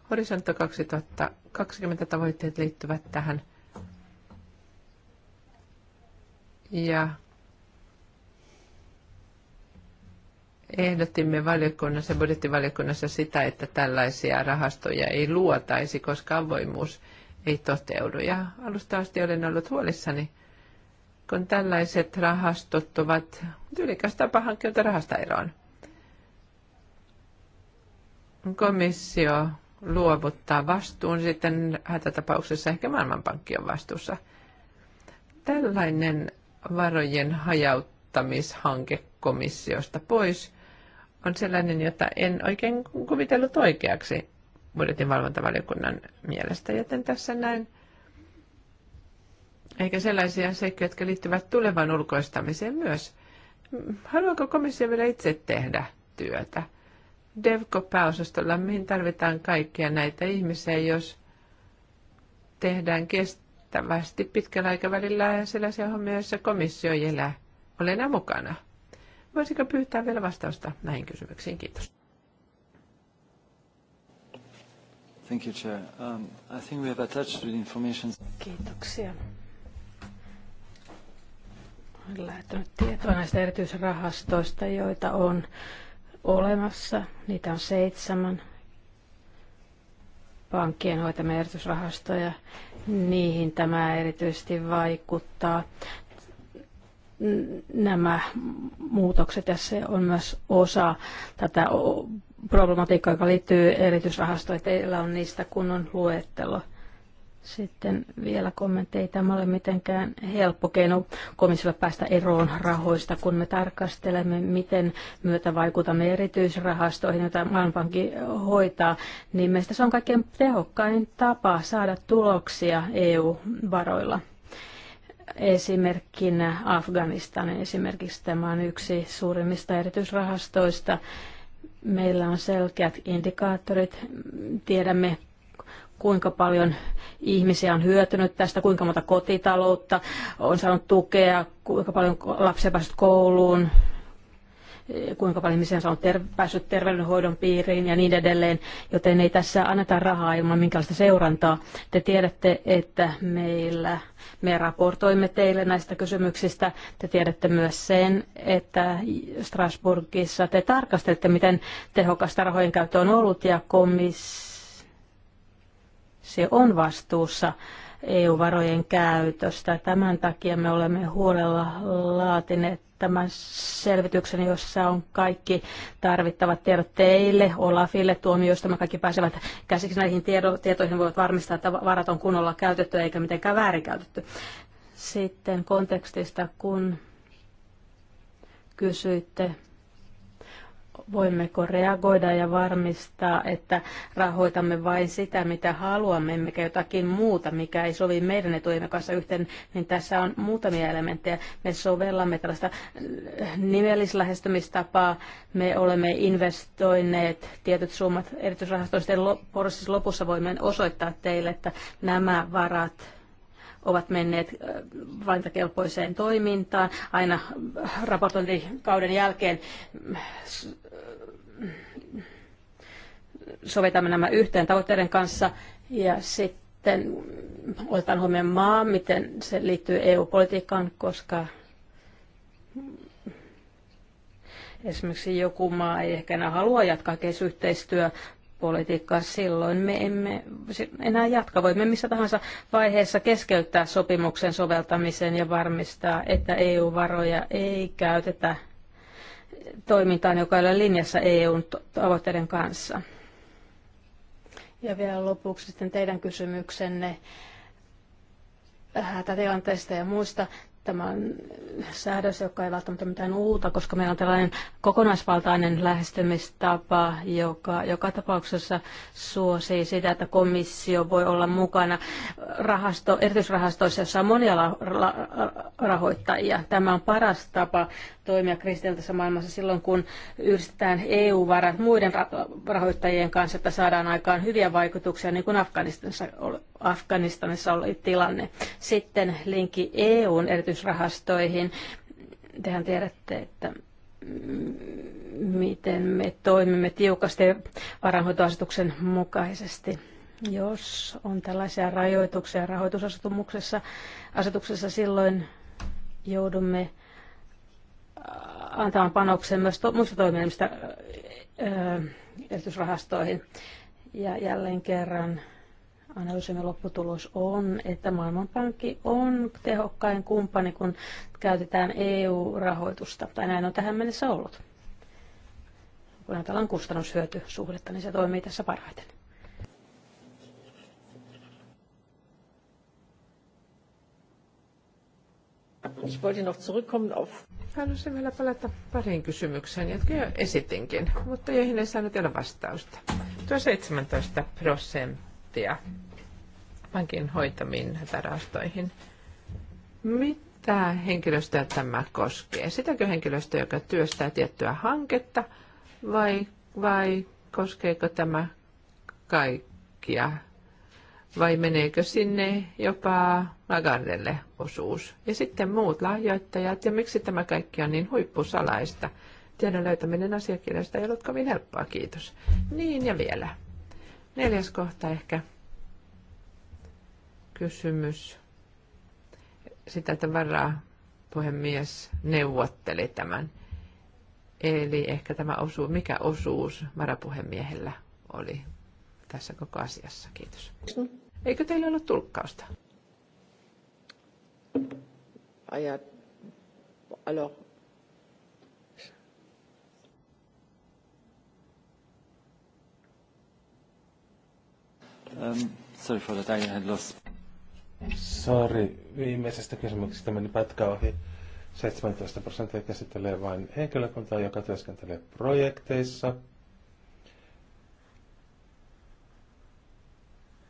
Speaker 2: Horisontto 2020 tavoitteet liittyvät tähän – Ja ehdotimme valiokunnassa, budjettivaliokunnassa sitä, että tällaisia rahastoja ei luotaisi, koska avoimuus ei toteudu. Ja alusta asti olen ollut huolissani, kun tällaiset rahastot ovat tyylikäs tapa hankkiutua rahasta eroon. Komissio luovuttaa vastuun, sitten hätätapauksessa ehkä Maailmanpankki on vastuussa. Tällainen varojen hajauttamishanke komissiosta pois on sellainen, jota en oikein kuvitellut oikeaksi budjetin valvontavaliokunnan mielestä, joten tässä näin eikä sellaisia seikkoja, jotka liittyvät tulevaan ulkoistamiseen myös. Haluaako komissio vielä itse tehdä työtä? DevCo-pääosastolla, mihin tarvitaan kaikkia näitä ihmisiä, jos tehdään kestävää toivottavasti pitkällä aikavälillä sellaisia hommia, joissa komissio ei elä. ole enää mukana. Voisiko pyytää vielä vastausta näihin kysymyksiin? Kiitos.
Speaker 1: Thank you, Chair. Um, I think we have attached the information.
Speaker 3: Kiitoksia. Olen lähettänyt tietoa näistä erityisrahastoista, joita on olemassa. Niitä on seitsemän pankkien hoitamia erityisrahastoja, niihin tämä erityisesti vaikuttaa. Nämä muutokset ja se on myös osa tätä problematiikkaa, joka liittyy erityisrahastoihin. Teillä on niistä kunnon luettelo. Sitten vielä kommentteja. tämä ole mitenkään helppo keino komissiolle päästä eroon rahoista, kun me tarkastelemme, miten myötä vaikutamme erityisrahastoihin, joita Maailmanpankki hoitaa. Niin meistä se on kaikkein tehokkain tapa saada tuloksia EU-varoilla. Esimerkkinä Afganistanin esimerkiksi tämä on yksi suurimmista erityisrahastoista. Meillä on selkeät indikaattorit. Tiedämme, kuinka paljon ihmisiä on hyötynyt tästä, kuinka monta kotitaloutta on saanut tukea, kuinka paljon lapsia päässyt kouluun, kuinka paljon ihmisiä on saanut ter- päässyt terveydenhoidon piiriin ja niin edelleen, joten ei tässä anneta rahaa ilman minkälaista seurantaa. Te tiedätte, että meillä me raportoimme teille näistä kysymyksistä. Te tiedätte myös sen, että Strasbourgissa te tarkastelette, miten tehokasta rahojen käyttö on ollut ja komissio se on vastuussa EU-varojen käytöstä. Tämän takia me olemme huolella laatineet tämän selvityksen, jossa on kaikki tarvittavat tiedot teille, Olafille, tuomioistuimme, kaikki pääsevät käsiksi näihin tiedo- tietoihin, voivat varmistaa, että varat on kunnolla käytetty eikä mitenkään väärinkäytetty. Sitten kontekstista, kun kysyitte voimmeko reagoida ja varmistaa, että rahoitamme vain sitä, mitä haluamme, emmekä jotakin muuta, mikä ei sovi meidän etujemme kanssa yhteen, niin tässä on muutamia elementtejä. Me sovellamme tällaista nimellislähestymistapaa, me olemme investoineet tietyt summat erityisrahastoista. porssissa lopussa voimme osoittaa teille, että nämä varat ovat menneet valintakelpoiseen toimintaan aina raportointikauden jälkeen sovitamme nämä yhteen tavoitteiden kanssa ja sitten otetaan huomioon maa, miten se liittyy EU-politiikkaan, koska esimerkiksi joku maa ei ehkä enää halua jatkaa kehitysyhteistyö politiikkaa, silloin me emme enää jatka. Voimme missä tahansa vaiheessa keskeyttää sopimuksen soveltamisen ja varmistaa, että EU-varoja ei käytetä toimintaan, joka ei ole linjassa EUn tavoitteiden kanssa. Ja vielä lopuksi sitten teidän kysymyksenne hätätilanteista ja muista. Tämä on säädös, joka ei välttämättä mitään uutta, koska meillä on tällainen kokonaisvaltainen lähestymistapa, joka joka tapauksessa suosii sitä, että komissio voi olla mukana rahasto, erityisrahastoissa, jossa on monia rahoittajia. Tämä on paras tapa toimia kriisitiltässä maailmassa silloin, kun yhdistetään EU-varat muiden rahoittajien kanssa, että saadaan aikaan hyviä vaikutuksia, niin kuin Afganistanissa, Afganistanissa oli tilanne. Sitten linkki EUn erityisrahastoihin. Tehän tiedätte, että miten me toimimme tiukasti varanhoitoasetuksen mukaisesti jos on tällaisia rajoituksia rahoitusasetuksessa, asetuksessa silloin joudumme Äh, antamaan panoksen myös to- muista toimijoista äh, äh, erityisrahastoihin. Ja jälleen kerran analyysimme lopputulos on, että Maailmanpankki on tehokkain kumppani, kun käytetään EU-rahoitusta, tai näin on tähän mennessä ollut. Kun ajatellaan kustannushyötysuhdetta, niin se toimii tässä parhaiten.
Speaker 2: Ich wollte noch zurückkommen auf sen vielä palata pariin kysymykseen, jotka jo esitinkin, mutta joihin ei saanut vielä vastausta. Tuo 17 prosenttia pankin hoitamiin hätärahastoihin. Mitä henkilöstöä tämä koskee? Sitäkö henkilöstö joka työstää tiettyä hanketta vai, vai koskeeko tämä kaikkia vai meneekö sinne jopa Lagardelle osuus. Ja sitten muut lahjoittajat, ja miksi tämä kaikki on niin huippusalaista. Tiedon löytäminen asiakirjasta ei ollut kovin helppoa, kiitos. Niin ja vielä. Neljäs kohta ehkä. Kysymys. Sitä, että varaa puhemies neuvotteli tämän. Eli ehkä tämä osuus, mikä osuus varapuhemiehellä oli tässä koko asiassa. Kiitos. Eikö teillä ole tulkkausta? Ajat. Ah, Alo.
Speaker 1: Um, ähm, sorry for that, I had lost. Sorry, viimeisestä kysymyksestä meni pätkä ohi. 17 prosenttia käsittelee vain henkilökuntaa, joka työskentelee projekteissa.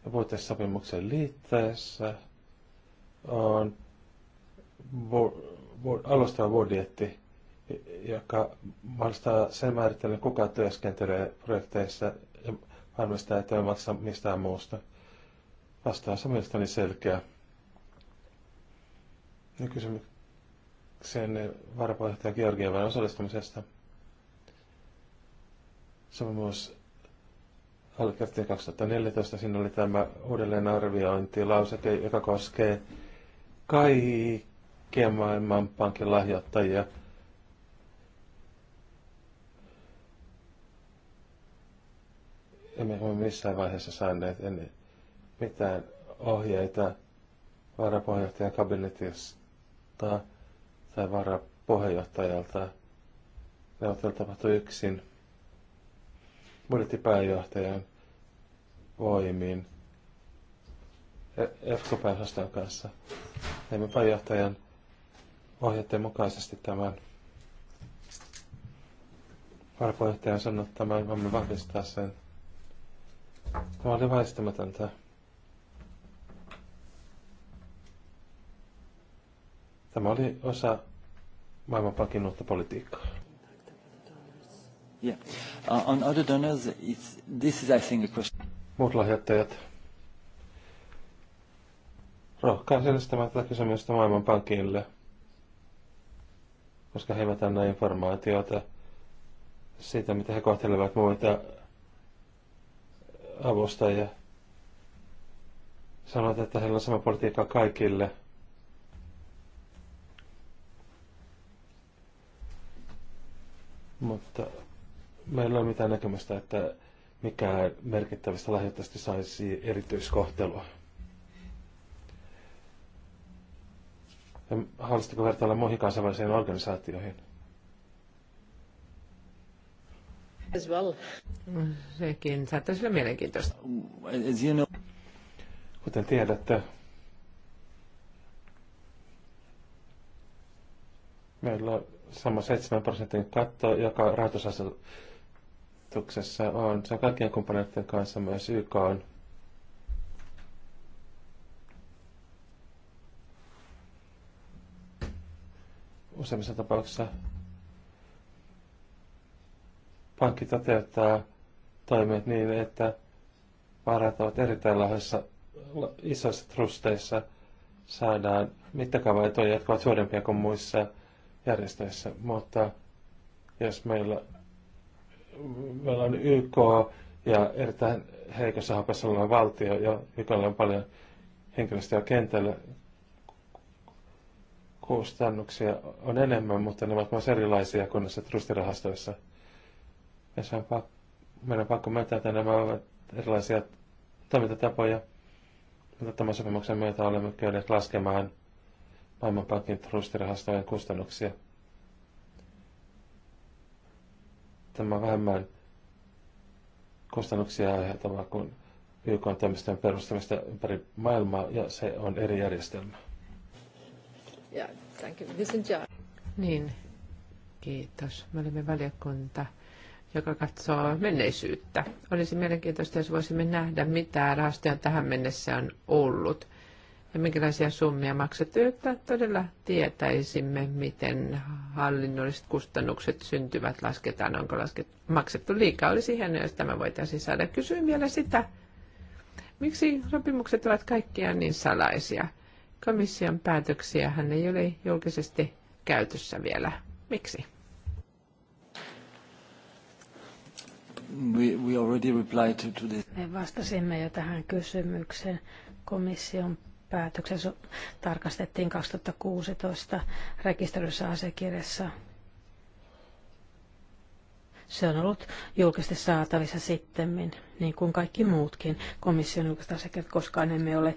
Speaker 1: tavoitesopimuksen liitteessä on bu- bu- alustava budjetti, joka mahdollistaa sen määrittelyn, kuka työskentelee projekteissa ja varmistaa, että ei maksa mistään muusta. Vastaus on mielestäni selkeä. Ja kysymykseen varapuheenjohtaja Georgievan osallistumisesta. Sopimus Alkettiin 2014. Siinä oli tämä lauseke, joka koskee kaikkia pankin lahjoittajia. Emme ole missään vaiheessa saaneet ennen mitään ohjeita varapuheenjohtajan kabinetista tai varapuheenjohtajalta. Neuvottelu tapahtui yksin budjettipääjohtajan voimin EFKO-pääosaston kanssa. Teimme pääjohtajan ohjeiden mukaisesti tämän varapuheenjohtaja on sanonut tämän, voimme vahvistaa sen. Tämä oli väistämätöntä. Tämä oli osa Maailmanpankin uutta politiikkaa. Yeah. Uh, on other donors, it's, this is, I think, a question. Muut lahjoittajat. Rohkaisen estämään tätä kysymystä Maailmanpankille, koska he eivät anna informaatiota siitä, mitä he kohtelevat muita avustajia. Sanoit, että heillä on sama politiikka kaikille. Mutta meillä ei ole mitään näkemystä, että mikä merkittävistä lahjoittajista saisi erityiskohtelua. Haluaisitko vertailla muihin kansainvälisiin organisaatioihin?
Speaker 2: As well. No, sekin saattaisi olla mielenkiintoista.
Speaker 1: Kuten tiedätte, meillä on sama 7 prosentin katto, joka rahoitusasetuksessa hallituksessa on. Se on kaikkien kumppaneiden kanssa myös YK on. Useimmissa tapauksissa pankki toteuttaa toimet niin, että varat ovat erittäin lahjassa isoissa trusteissa saadaan mittakaavaetuja, jotka ovat suurempia kuin muissa järjestöissä, mutta jos meillä meillä on YK ja erittäin heikossa hapassa oleva valtio, ja YKlla on paljon henkilöstöä kentällä. Kustannuksia on enemmän, mutta ne ovat myös erilaisia kuin näissä trustirahastoissa. se on meidän on pakko myöntää, että nämä ovat erilaisia toimintatapoja, mutta tämän sopimuksen myötä olemme käyneet laskemaan Maailmanpankin trustirahastojen kustannuksia – tämä vähemmän kustannuksia aiheuttava kuin YK tämmöisten perustamista ympäri maailmaa, ja se on eri järjestelmä.
Speaker 2: Yeah, thank you. This is niin, kiitos. Me olemme valiokunta, joka katsoo menneisyyttä. Olisi mielenkiintoista, jos voisimme nähdä, mitä rahastoja tähän mennessä on ollut – ja minkälaisia summia maksat että todella tietäisimme, miten hallinnolliset kustannukset syntyvät, lasketaan, onko lasket, maksettu liikaa. Olisi hienoa, jos tämä voitaisiin saada. Kysyin vielä sitä, miksi sopimukset ovat kaikkiaan niin salaisia. Komission päätöksiä hän ei ole julkisesti käytössä vielä. Miksi? We, we already replied to, to
Speaker 3: Me vastasimme jo tähän kysymykseen. Komission päätöksen tarkastettiin 2016 rekisteröidyssä asiakirjassa. Se on ollut julkisesti saatavissa sitten, niin kuin kaikki muutkin komission julkiset asiakirjat, koskaan emme ole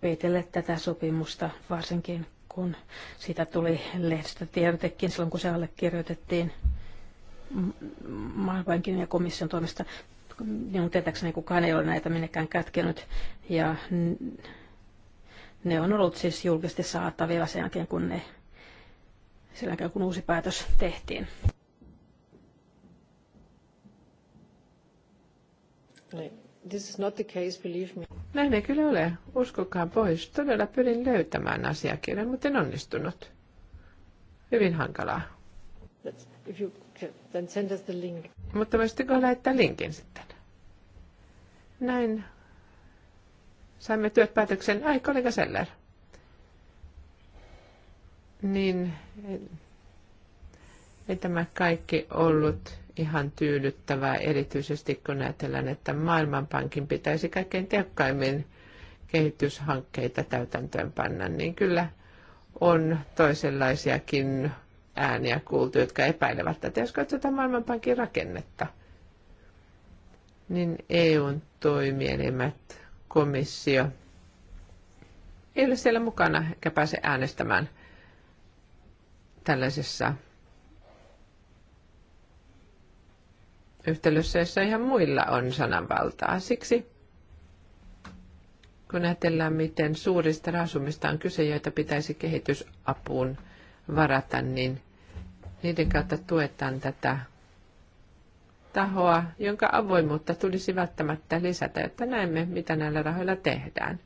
Speaker 3: peitelleet tätä sopimusta, varsinkin kun siitä tuli lehdistötiedotekin silloin, kun se allekirjoitettiin maailmankin ja komission toimesta. Minun tietääkseni kukaan ei ole näitä minnekään kätkenyt ja ne on ollut siis julkisesti saatavilla sen jälkeen, kun, ne, sen jälkeen, kun uusi päätös tehtiin.
Speaker 2: This is not the case, believe me. Näin ei kyllä ole. Uskokaa pois. Todella pyrin löytämään asiakirjan, mutta en onnistunut. Hyvin hankalaa. if you can, then send us the link. Mutta voisitteko lähettää linkin sitten? Näin saimme työt päätöksen. Ai, Seller. Niin, ei, tämä kaikki ollut ihan tyydyttävää, erityisesti kun ajatellaan, että Maailmanpankin pitäisi kaikkein tehokkaimmin kehityshankkeita täytäntöön panna, niin kyllä on toisenlaisiakin ääniä kuultu, jotka epäilevät että Jos katsotaan Maailmanpankin rakennetta, niin EUn toimielimet komissio ei ole siellä mukana eikä pääse äänestämään tällaisessa yhtälössä, jossa ihan muilla on sananvaltaa. Siksi kun ajatellaan, miten suurista rasumista on kyse, joita pitäisi kehitysapuun varata, niin niiden kautta tuetaan tätä tahoa, jonka avoimuutta tulisi välttämättä lisätä, jotta näemme, mitä näillä rahoilla tehdään.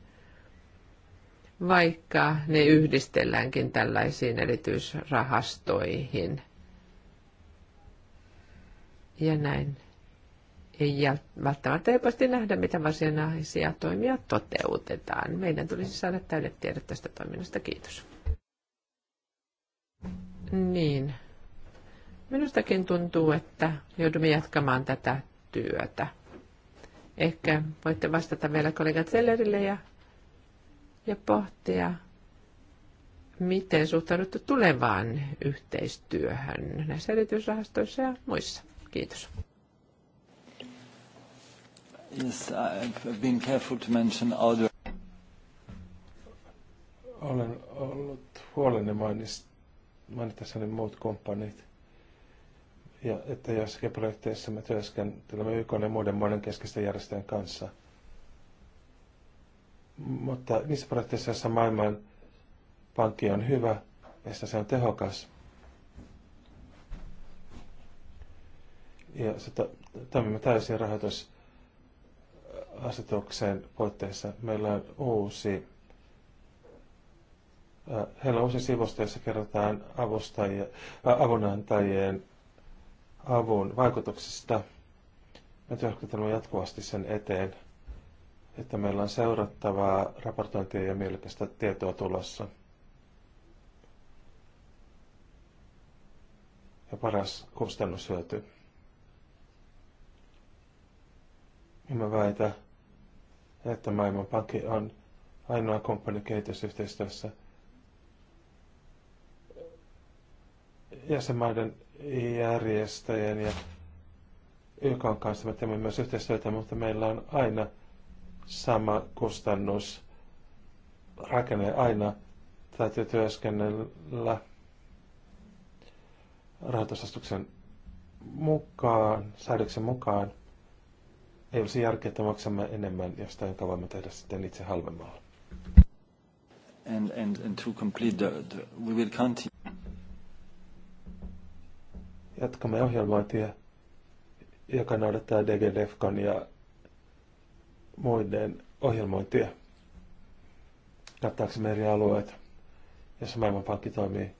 Speaker 2: Vaikka ne yhdistelläänkin tällaisiin erityisrahastoihin. Ja näin ei välttämättä helposti nähdä, mitä varsinaisia toimia toteutetaan. Meidän tulisi saada täydet tiedot tästä toiminnasta. Kiitos. Niin, Minustakin tuntuu, että joudumme jatkamaan tätä työtä. Ehkä voitte vastata vielä kollega Zellerille ja, ja pohtia, miten suhtaudutte tulevaan yhteistyöhön näissä erityisrahastoissa ja muissa. Kiitos. Yes, I've been careful to mention other.
Speaker 1: Olen ollut huoleni mainitessani muut kumppanit ja että joissakin projekteissa me työskentelemme YK ja muiden monenkeskisten järjestöjen kanssa. Mutta niissä projekteissa, joissa maailman pankki on hyvä, että se on tehokas, ja se toimimme täysin rahoitusasetukseen puitteissa. Meillä on uusi Heillä on uusi sivusto, jossa kerrotaan avustajien, avunantajien avun vaikutuksista. Me työskentelemme jatkuvasti sen eteen, että meillä on seurattavaa raportointia ja mielekästä tietoa tulossa. Ja paras kustannushyöty. Ja mä väitän, että Maailmanpankki on ainoa kumppani kehitysyhteistyössä jäsenmaiden järjestäjän ja YK kanssa me teemme myös yhteistyötä, mutta meillä on aina sama kustannus. Rakenne aina täytyy työskennellä rahoitusastuksen mukaan, säädöksen mukaan. Ei olisi järkeä, että maksamme enemmän jostain, jonka voimme tehdä sitten itse halvemmalla. And, and, and to complete the, the, we will continue. Jatkamme ohjelmointia, joka noudattaa DGDFCON ja muiden ohjelmointia kattaaksemme eri alueet, jossa Maailmanpankki toimii,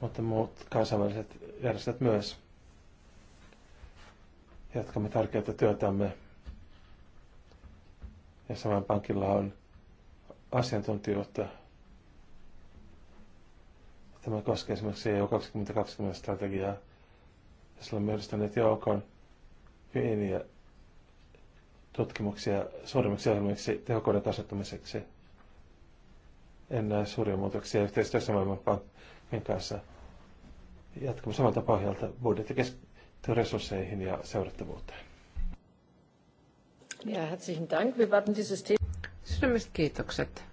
Speaker 1: mutta muut kansainväliset järjestöt myös. Jatkamme tärkeää työtämme ja Maailmanpankilla on asiantuntijuutta Tämä koskee esimerkiksi EU 2020 strategiaa, jossa olemme yhdistäneet joukon e pieniä tutkimuksia suurimmiksi ohjelmiksi tehokkuuden kasvattamiseksi. En näe suuria muutoksia yhteistyössä Maailmanpankin kanssa. Jatkamme samalta pohjalta budjettiresursseihin ja seurattavuuteen.
Speaker 2: Ja herzlichen Dank. Wir warten dieses Thema. Sydämiset kiitokset.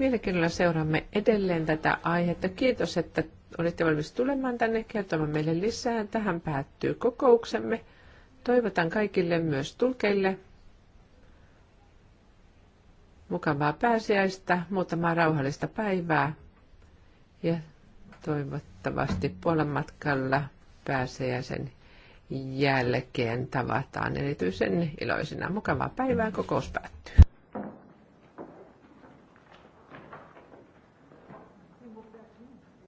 Speaker 2: Mielenkiinnolla seuraamme edelleen tätä aihetta. Kiitos, että olitte valmis tulemaan tänne kertomaan meille lisää. Tähän päättyy kokouksemme. Toivotan kaikille myös tulkeille mukavaa pääsiäistä, muutamaa rauhallista päivää ja toivottavasti puolen matkalla pääsiäisen jälkeen tavataan erityisen iloisena. Mukavaa päivää, kokous päättyy.